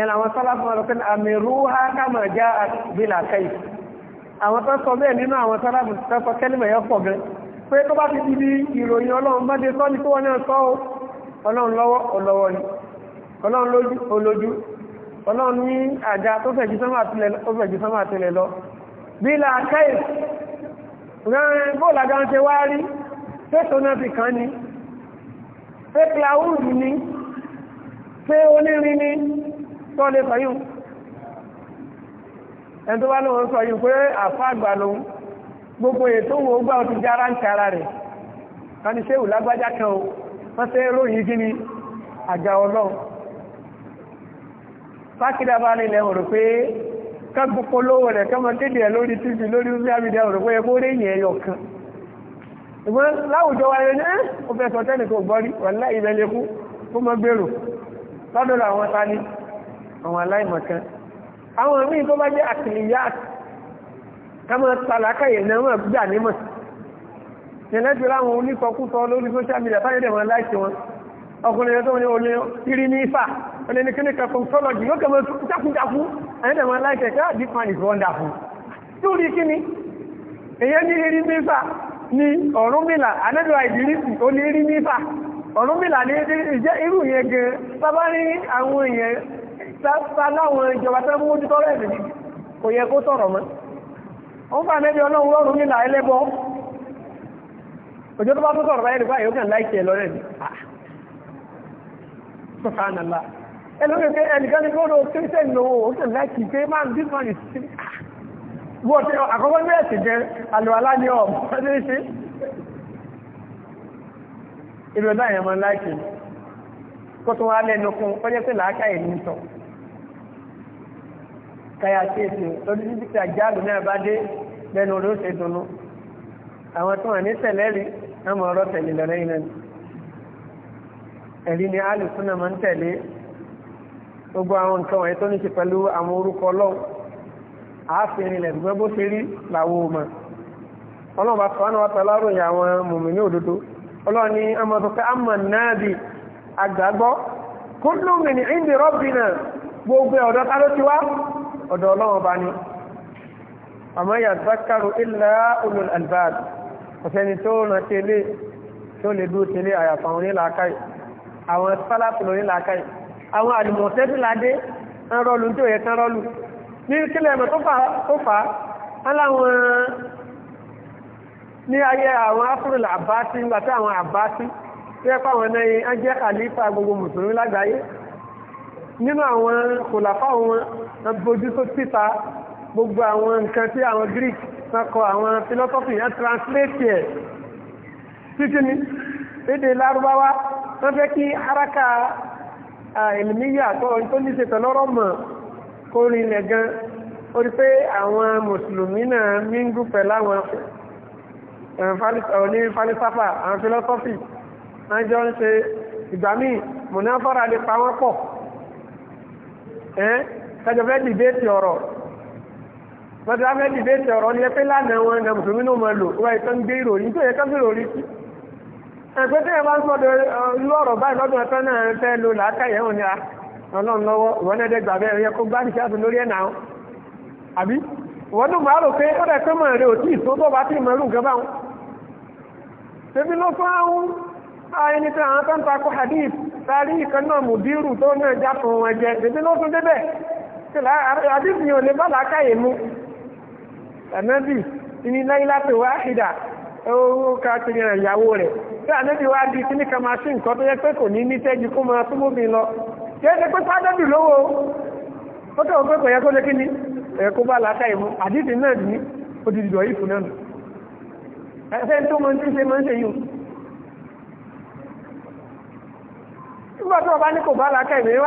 ẹ̀nà àwọn sọ́lá fún ọlọ́pẹ́ àmì rúhá kàmà já àbílà kẹ́yì àwọn tó sọ bẹ́ẹ̀ nínú àwọn sọ́lá fún tẹ́kọ̀ kẹ́lìmẹ̀ yọ pọ̀ gan pé tó ọlọ́run lọ́wọ́ ọlọ́wọ́ ni ọlọ́run lójú olójú ọlọ́run ní àga tó fẹ̀jú sánmà tilẹ̀ lọ bí làákàyè rẹ̀rẹ̀ bóòlù àga ń ṣe wá rí fẹ́sọ̀ náà fi kàn ní fẹ́ pláwùrù ní fẹ́ onírin ní tọ́lẹ̀ sọ́yún ẹni tó bá lóun sọ yìí pé àfáàgbà lòun gbogbo ètò òun ó gbà wọ́n fẹ́ ròyìn gíní àga ọlọ́run fákídà bá nílẹ̀ òrò pé kágbókó lówó rẹ̀ kọ́mọ kéde ẹ̀ lórí tv lórí rúbíàmídà òrò pé ẹgbó rẹ̀ yẹn ẹyọ kan ìgbọ́n láwùjọ wa yẹn eh, ó fẹ́ sọ tẹ́nì kò gbọ́rí wàlá ilẹ̀ lẹ́kú kó mọ gbèrò lọ́dọ̀ àwọn tani àwọn aláìmọ̀kan àwọn míì tó bá jẹ́ àtìlíyà kámọ́ tàlákàyè náà gbà nímọ̀ sí tẹ̀lẹ́tì láwọn oníkọkútọ lórí social media táyé dẹ̀ wọn láìsí wọn ọkùnrin yẹn tó wọn ní oní kiri ní ifá oní ní kíníkà kọ̀ǹtọ́lọ́jì yóò kẹ́ mọ́ jákújákú ayé dẹ̀ wọn láìsí ẹ̀kẹ́ àdí fan is wonderful lórí kíní èyẹ ní rí ní ifá ní Ọ̀rúnmìlà anẹ́dùn àìdírísì ó ní rí ní ifá Ọ̀rúnmìlà ní ìjẹ́ irú yẹn gan bábá rí ń mójútó rẹ̀ kò yẹ kó sọ̀rọ̀ òjò tó bá tó sọ̀rọ̀ báyìí nípa ìyókàn láìsí ẹ lọ́rẹ̀ ni ah. sọ̀kànàlá ẹlòmíì pé ẹnìkan ní kóòdù kírísẹ́nì lówó ó kàn láìsí pé máa ń bí fún ìsìn wọ́n ti àkọ́kọ́ ní ẹ̀sìn jẹ àlùwàlá ní ọ̀ ṣe ìlú ọ̀dá ìyẹn máa ń láìsí kó tó wá lẹ́nu kún ó jẹ́ pé làákà ẹ̀ ní sọ káyà sí èsì lọ́dún títí àjálù náà bá dé lẹ́nu orí ó ṣe dunnú àwọn tó wà ní tẹ̀lẹ́rìí ẹmọ ọ̀rọ̀ tẹ̀lé lọ́rẹ́ iná ni ẹ̀rí ni alùsùnà máa ń tẹ̀lé gbogbo àwọn nǹkan wọ̀nyí tó ní ṣe pẹ̀lú àwọn orúkọ ọlọ́run àáfin ilẹ̀ dùgbẹ́ bó ṣe rí làwọn ò mọ̀ ọlọ́run bá sọ́nà wá pẹ̀lú àròyìn àwọn mùmínì òdodo ọlọ́run ní ọmọ tó pé àmọ̀ gbogbo ọ̀dọ́ ta ló ti wá ọ̀dọ̀ ọlọ́run bá ní àmọ́ yàtọ̀ kárò illa ulul albab ọ̀sẹ́ni tó ràn tẹ́lẹ̀ tó lè dúró tẹ́lẹ̀ àyàfà àwọn onílàákàì àwọn sálàpù onílàákàì àwọn àlùmọ̀tẹ́tìládé ń rọlù tó yẹ tán rọlù ní kílẹ̀ ẹ̀mọ̀ tó fà á láwọn ní ayé àwọn áfúrùlà àbáṣí nígbà tí àwọn àbáṣí tí ẹ fáwọn náà yẹn á jẹ́ kàlífà gbogbo mùsùlùmí lágbàáyé nínú àwọn kòlàfà wọn bójú tó títa gbogbo àwọn nǹkan tí àwọn Greek kọ àwọn philosophy yẹn translate ẹ̀ títí ni lédè lárúbáwá wọ́n fẹ́ kí haraka ìlúmíyà tọ́rọ tó ní ṣètò lọ́rọ̀ mọ̀ kó rí ilẹ̀ gan ó rí pé àwọn mùsùlùmí náà mingu pẹ̀lú àwọn ní falisafa àwọn philosophy wọ́n jọ ń ṣe ìgbà míì mùnáfọ́ra lè pa wọ́n pọ̀ ẹ́ kájọ fẹ́ dìbéètì ọ̀rọ̀ wọ́n ti wá fẹ́ dìbé tẹ ọ̀rọ̀ ní ẹgbẹ́ lánàá wọn ẹ̀nà mùsùlùmí náà máa lò wọ́n ìtọ́ ń gbé ìròyìn tó yẹ ká gbé ìròyìn sí. ẹgbẹ́ tẹ́yẹ bá ń sọ irú ọ̀rọ̀ báyìí lọ́dún ẹ̀tọ́ náà ń fẹ́ lo làákàyẹ̀ wọn ni a ọlọ́run lọ́wọ́ ìwọ́n náà dẹ́gbà bẹ́ẹ̀ yẹ kó gbá ní sáàtún lórí ẹ̀nà wọn. àbí wọ́n dùn máa rò pé ó dẹ̀ pé mọ̀ rẹ̀ ò tí ì tó tó bá tí ì mọ̀rú nǹkan báwọn. ṣebí ló fún àwọn ẹni tí àwọn tó ń takò hadith tari ìkan náà mùdírù tó náà já fún wọn jẹ ṣebí ló fún débẹ̀ àdìsí ò lè bá làákàyè mu ànábì ní láyíláàpẹ̀ wá ìdà owó káàkiri rẹ̀ ìyàwó rẹ̀ tí ànábì wá di kíní kan máa ṣe nǹkan tó yẹ pé kò ní ní tẹ́jú kó máa tún mọ́bìn lọ tí ó ṣe pé pádọ́bì lówó ó tọ̀ pé kò yẹ kó lé kíní ẹ̀ kó bá látà ìmú àdìsí náà ní odidi ọ̀yí fún náà ẹ̀fẹ́ tó mọ́ tí ṣe máa ń ṣe yìí nígbà tó bá ní kò bá látà ìmú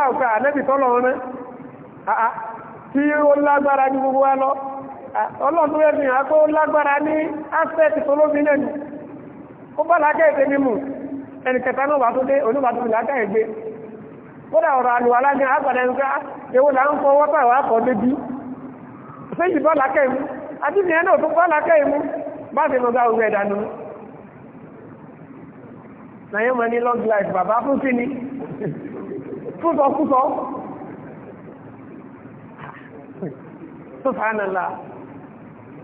wà pé Ah, ọlọ́run tó rẹ̀ fi hàn pé ó lágbára ní aspect tó lóbi ó bá lákẹ́ mímú ẹnì kẹta náà wà tó dé oníbà tó fi ọ̀rọ̀ ewu ah, là ń kọ́ wọ́pà ìwà kọ́ débi séjì bọ́ àti ìyẹn náà tó bá ti gá ogun ẹ̀dà nù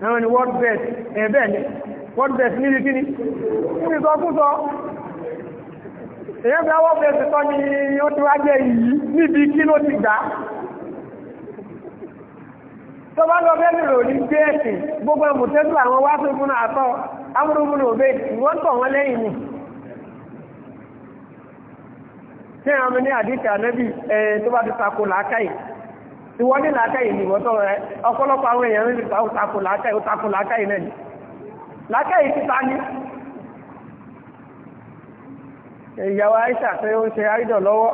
àwọn ni world best ẹ̀bẹ́ ni world best níbi kíni níbi sọ fún sọ èyàn bí world best tọ́ ni ó ti wá jẹ́ yìí níbi kí ló ti gbà tó bá lọ bẹ́ẹ̀ lò ní jẹ́ẹ̀sì gbogbo mùtẹ́sù àwọn wá tó fún àtọ́ amúrúmúrú òbẹ́ ìwọ́n tọ̀ wọ́n lẹ́yìn ni tí àwọn ọmọ ní àdìsí ànẹ́bì tó bá ti sako làákàyè ìwọ ní làákàyè ní ìwọ́tọ̀ rẹ ọ̀pọ̀lọpọ̀ àwọn èèyàn ń ta òtakò làákàyè òtakò làákàyè náà ni làákàyè títa ni. ìyàwó Aisha pé ó ń ṣe àìdọ̀ lọ́wọ́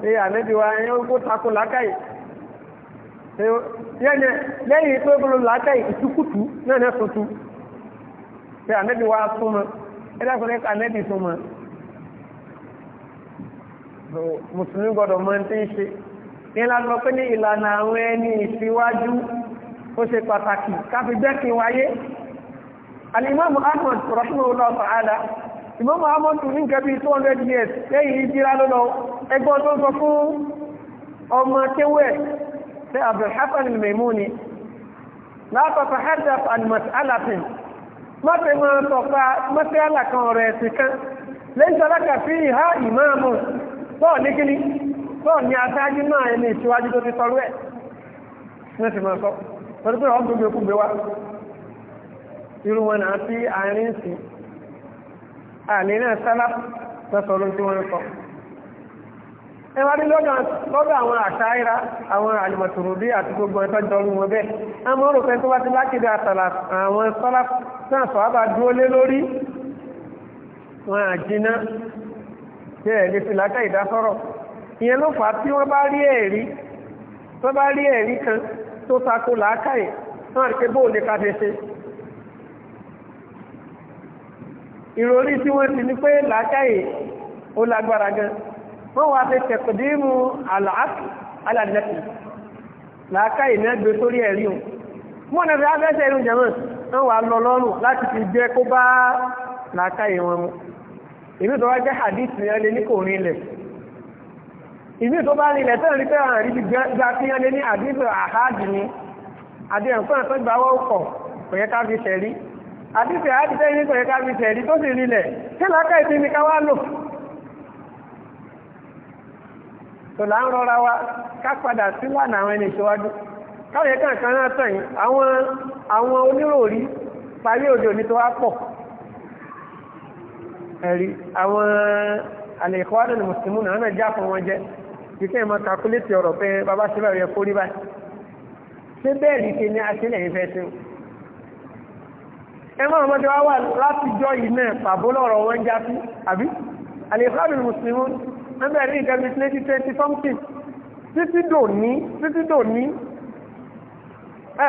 pé ànábi wa ẹ̀ ó kó takò làákàyè. yẹ́nì lẹ́yìn pé bolo làákàyè ìtukùtù náà náà tuntun pé ànábi wa súnmọ́ ẹ dákun ní ànábi súnmọ́. mùsùlùmí gbọ́dọ̀ mọ̀ ní tí ń ṣe yẹn la gbọ́ pé ní ìlànà àwọn ẹni ìṣíwájú ó ṣe pàtàkì káfí jẹ́kì wáyé alimọ́mù ahmad rahimahullah ta'ala imọ́mù ahmad ní nǹkan bí years lẹ́yìn ìjírá lọ́lọ́ ẹgbọ́n tó sọ fún ọmọ kéwẹ́ sí abdulhassan al-maimuni látọ̀tọ̀ hajjaf al-mas'alatin mọ́tẹ̀ mọ́ tọ́pa mọ́tẹ̀ alákan rẹ̀ sí kan lẹ́yìn tọ́lákà fi ha ìmáàmù bọ́ọ̀ ní kíní bọ́ọ̀ ni aṣáájú náà ẹni ìṣíwájú tó ti sọrú ẹ̀ ní ti máa sọ torí pé ọ̀gbìn gbé kúgbé wá irú wọn náà tí àárín sí àlè náà sálá lọ́sọ̀rọ̀ tí wọ́n ń sọ ẹ wá ní lọ́dọ̀ àwọn àṣáyíra àwọn àlùmọ̀tòròdé àti gbogbo ẹ̀tọ́ jọrù wọn bẹ́ẹ̀ a mọ́ rò pé tó bá ti lákìdá àtàlà àwọn sọ́lá náà sọ àbá dúró lé lórí wọn àjínà bẹ́ẹ̀ lè fi látà ìdásọ́rọ̀ ìyẹn ló fà á tí wọ́n bá rí ẹ̀rí tó bá rí ẹ̀rí kan tó tako làákàyè náà rí pé bóò lè káfẹ́ ṣe ìròrí tí wọ́n ti ní pé làákàyè ó lágbára gan wọ́n wá fi tẹ̀kọ̀dímù àlàáfì alàdẹ́kì làákàyè náà gbé sórí ẹ̀rí o mọ́nà fi afẹ́ṣẹ́ ìrìn jẹ̀mọ́ wọ́n wà lọ lọ́rùn láti fi jẹ́ kó bá làákàyè wọn mu ìlú tó wá jẹ́ hadith ni ẹ lé ní kò rin ilẹ̀ ìbí tó bá nílẹ̀ tẹ́lẹ̀ rí pé àwọn àríbi gba fi hàn lé ní àdínkù àháàdì ni àdéhùn fún àtọ́ ìgbà wọ́ ọkọ̀ kò yẹ ká fi ṣẹ̀rí àdínkù àháàdì tẹ́yìn tó sì rílẹ̀ tí lákà ìsìn ni wa ká padà sí lànà àwọn ẹni ìṣíwájú káwọn yẹ kankan náà tàn yín àwọn àwọn oníròrí parí òde òní tó wá pọ̀ ẹ̀rí àwọn àlè ìkọ́wádùn náà náà fún wọn jẹ́ kíkẹ́ mọ́ kàkúlétì ọ̀rọ̀ pé bàbá síbẹ̀ yẹ kó rí báyìí ṣé bẹ́ẹ̀ ní ṣe ní aṣílẹ̀ yìí fẹ́ ṣe o ẹ mọ́ ọmọdé wá wà láti jọ yìí náà pàbó lọ́rọ̀ wọn já sí àbí àlèkọ́bì mùsùlùmí wọ́n bẹ̀rẹ̀ ní ìjọba twenty twenty something títí dò ní títí dò ní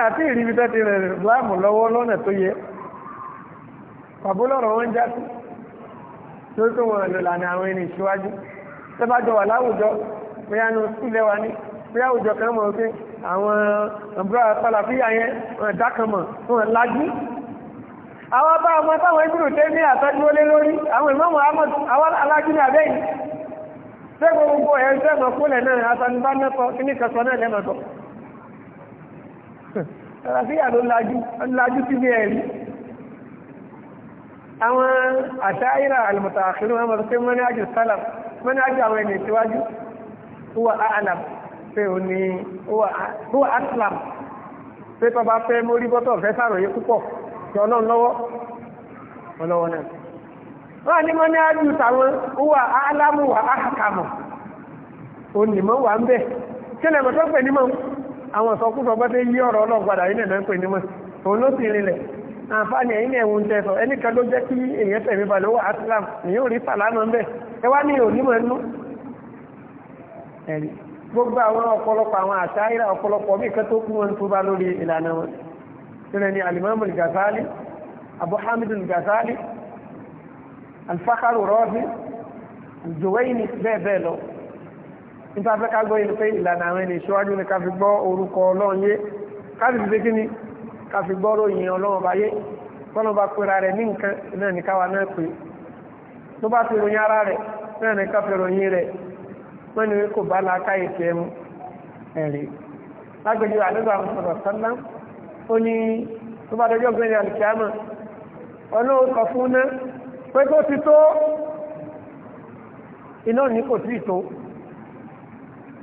àti ìrìbí tó ti rẹ̀ láàmù lọ́wọ́ lọ́nà tó yẹ pàbó lọ́rọ̀ wọn já sí tó tó wọn lò lànà àwọn ẹni ìṣíwájú tẹ́bájọ wà láwùjọ bóyá ní oṣù lẹ́wà ní bóyá òjò kan mọ̀ pé àwọn ọ̀bùrọ̀ àpàlàfíà yẹn wọ́n dákàmọ̀ wọ́n lájú àwọn bá ọmọ táwọn ìbúrò tẹ́ ní àtọ́júwó lé lórí àwọn ìmọ̀mọ̀ àwọn alájú ní abẹ́yìn tẹ́ gbogbo ẹ̀ sẹ́mọ̀ kúlẹ̀ náà àtàníbá mẹ́kọ kíní kẹsọ náà lẹ́mọ̀tọ̀ àlàfíà ló lájú sí bí ẹ̀rí àwọn àṣà ìrà àlùmọ̀tà àṣírí wọn mọ̀ pé mọ́ní àjò sálà mọ́ní àjò àwọn ènìyàn síwájú huwa a'lam pé o ní huwa aslam pé tọba fẹ́ mórí bọ́tọ̀ fẹ́ sàròyé púpọ̀ tí ọlọ́run lọ́wọ́ ọlọ́wọ́ náà wọ́n ní mọ́ ní ájú tàwọn huwa a'lamu wa ahkamu onímọ̀ wà ń bẹ̀ kílẹ̀ mọ̀ tó pè nímọ̀ àwọn ìsọkúsọ bá tẹ́ yí ọ̀rọ̀ ọlọ́gbàdà yìí nẹ̀ pè nímọ̀ òun ló sì rinlẹ̀ àǹfààní ẹ̀yìn ẹ̀wùn tẹ̀sọ̀ ẹnìkan ló jẹ́ kí èèyàn tẹ̀mí balẹ̀ wà á sílám yóò rí sàlámà ń bẹ̀ ẹ wá ní onímọ̀ ẹnu ẹ̀rí gbogbo àwọn ọ̀pọ̀lọpọ̀ àwọn àṣáyíra ọ̀pọ̀lọpọ̀ bí ìkẹ́ tó kú wọn tó bá lórí ìlànà wọn sílẹ̀ ní alimami al-Ghazali Abu Hamid al-Ghazali al-Fakhr Razi al-Juwayni bẹ́ẹ̀ bẹ́ẹ̀ lọ nípa fẹ́ ká gbọ́ yìí pé ìlànà àwọn ẹni ìṣíwájú ni ká fi gbọ́ orúkọ ọlọ́run yé ká sì fi kíni ká fi gbọ́ ròyìn ọlọ́run bá yé tọ́nà bá pera rẹ̀ ní nǹkan náà ní káwa náà pé tó bá fi ròyìn ara rẹ̀ náà ní ká fi ròyìn rẹ̀ wọ́n ní kò bá láká ètò ẹmu ẹ̀rí lágbèjì àlébà mọ̀sọ̀rọ̀ sọ́lá ó ní tó bá dọjọ́ gbé ní alìkíámà ọlọ́run kọ fún ná pé tó ti tó iná ní kò tí tó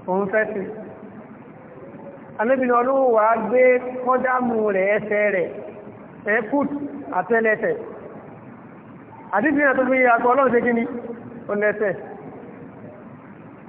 òun fẹ́ sí alébìnrin ọlọ́run wà gbé kọ́dámù rẹ̀ ẹsẹ̀ rẹ̀ ẹ̀kùt àtẹ́lẹsẹ̀ àdífìyàn tó fi yàtọ̀ ọlọ́run ṣe kí ni ó lẹ́sẹ̀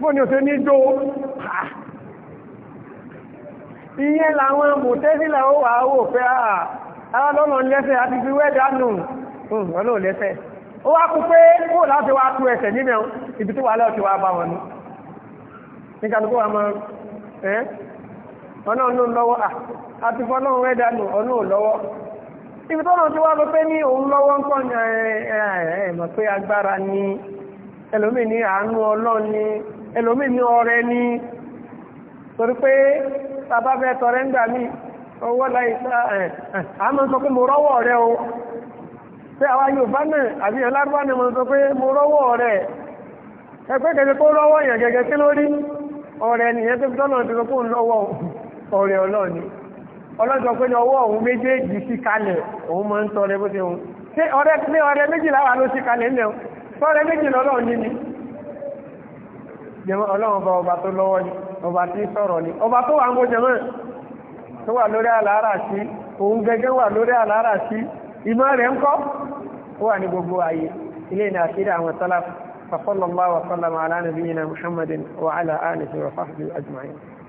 fún ni ò ṣe ní jó ìyẹn làwọn mùtẹ́sílẹ̀ ó wà áwò pé àà lọ́nà lẹ́sẹ̀ àti fi wẹ́dà nù lẹ́sẹ̀ ó wá ibi tó wà ti wá bá wọn ní nígbà tó mọ́ ẹ́ ọ̀nà ọ̀nà lọ́wọ́ àti fọ́nà wẹ́dà ibi tó náà ti wá lọ pé ní òun lọ́wọ́ ń pọ̀ ní pé ẹlòmíì ní ọrẹ ní torí pé bàbá fẹ́ tọrẹ ńgbà mí ọwọ́ láì sá ẹ̀ àmọ́ sọ pé mo rọ́wọ́ rẹ o pé àwa Yorùbá náà àbí ẹlárúbá náà mo sọ pé mo rọ́wọ́ rẹ ẹ pé kẹsẹ̀ kó rọ́wọ́ yẹn gẹ́gẹ́ sí lórí ọ̀rẹ́ nìyẹn tó tọ́nà ti sọ pé òun lọ́wọ́ ọ̀rẹ́ ọlọ́ọ̀ni ọlọ́sọ pé ní ọwọ́ òun méjèèjì sí kalẹ̀ òun máa ń tọrẹ bó ti hùn ṣé ọ̀rẹ́ méjìlá wà ló sí kalẹ̀ ńlẹ̀ méjìlá ọlọ́ọ̀ni ni. jẹmọ́ ọlọ́run bá ọba tó lọ́wọ́ ni ọba tí sọ̀rọ̀ ni ọba tó wà ń bó jẹmọ́ tó wà lórí àlàárà sí òun gẹ́gẹ́ wà lórí àlàárà sí ìmọ̀ rẹ̀ ń kọ́ ó wà ní gbogbo ààyè ilé ní àṣírí àwọn sálàf فصلى الله وسلم على نبينا محمد وعلى آله وصحبه أجمعين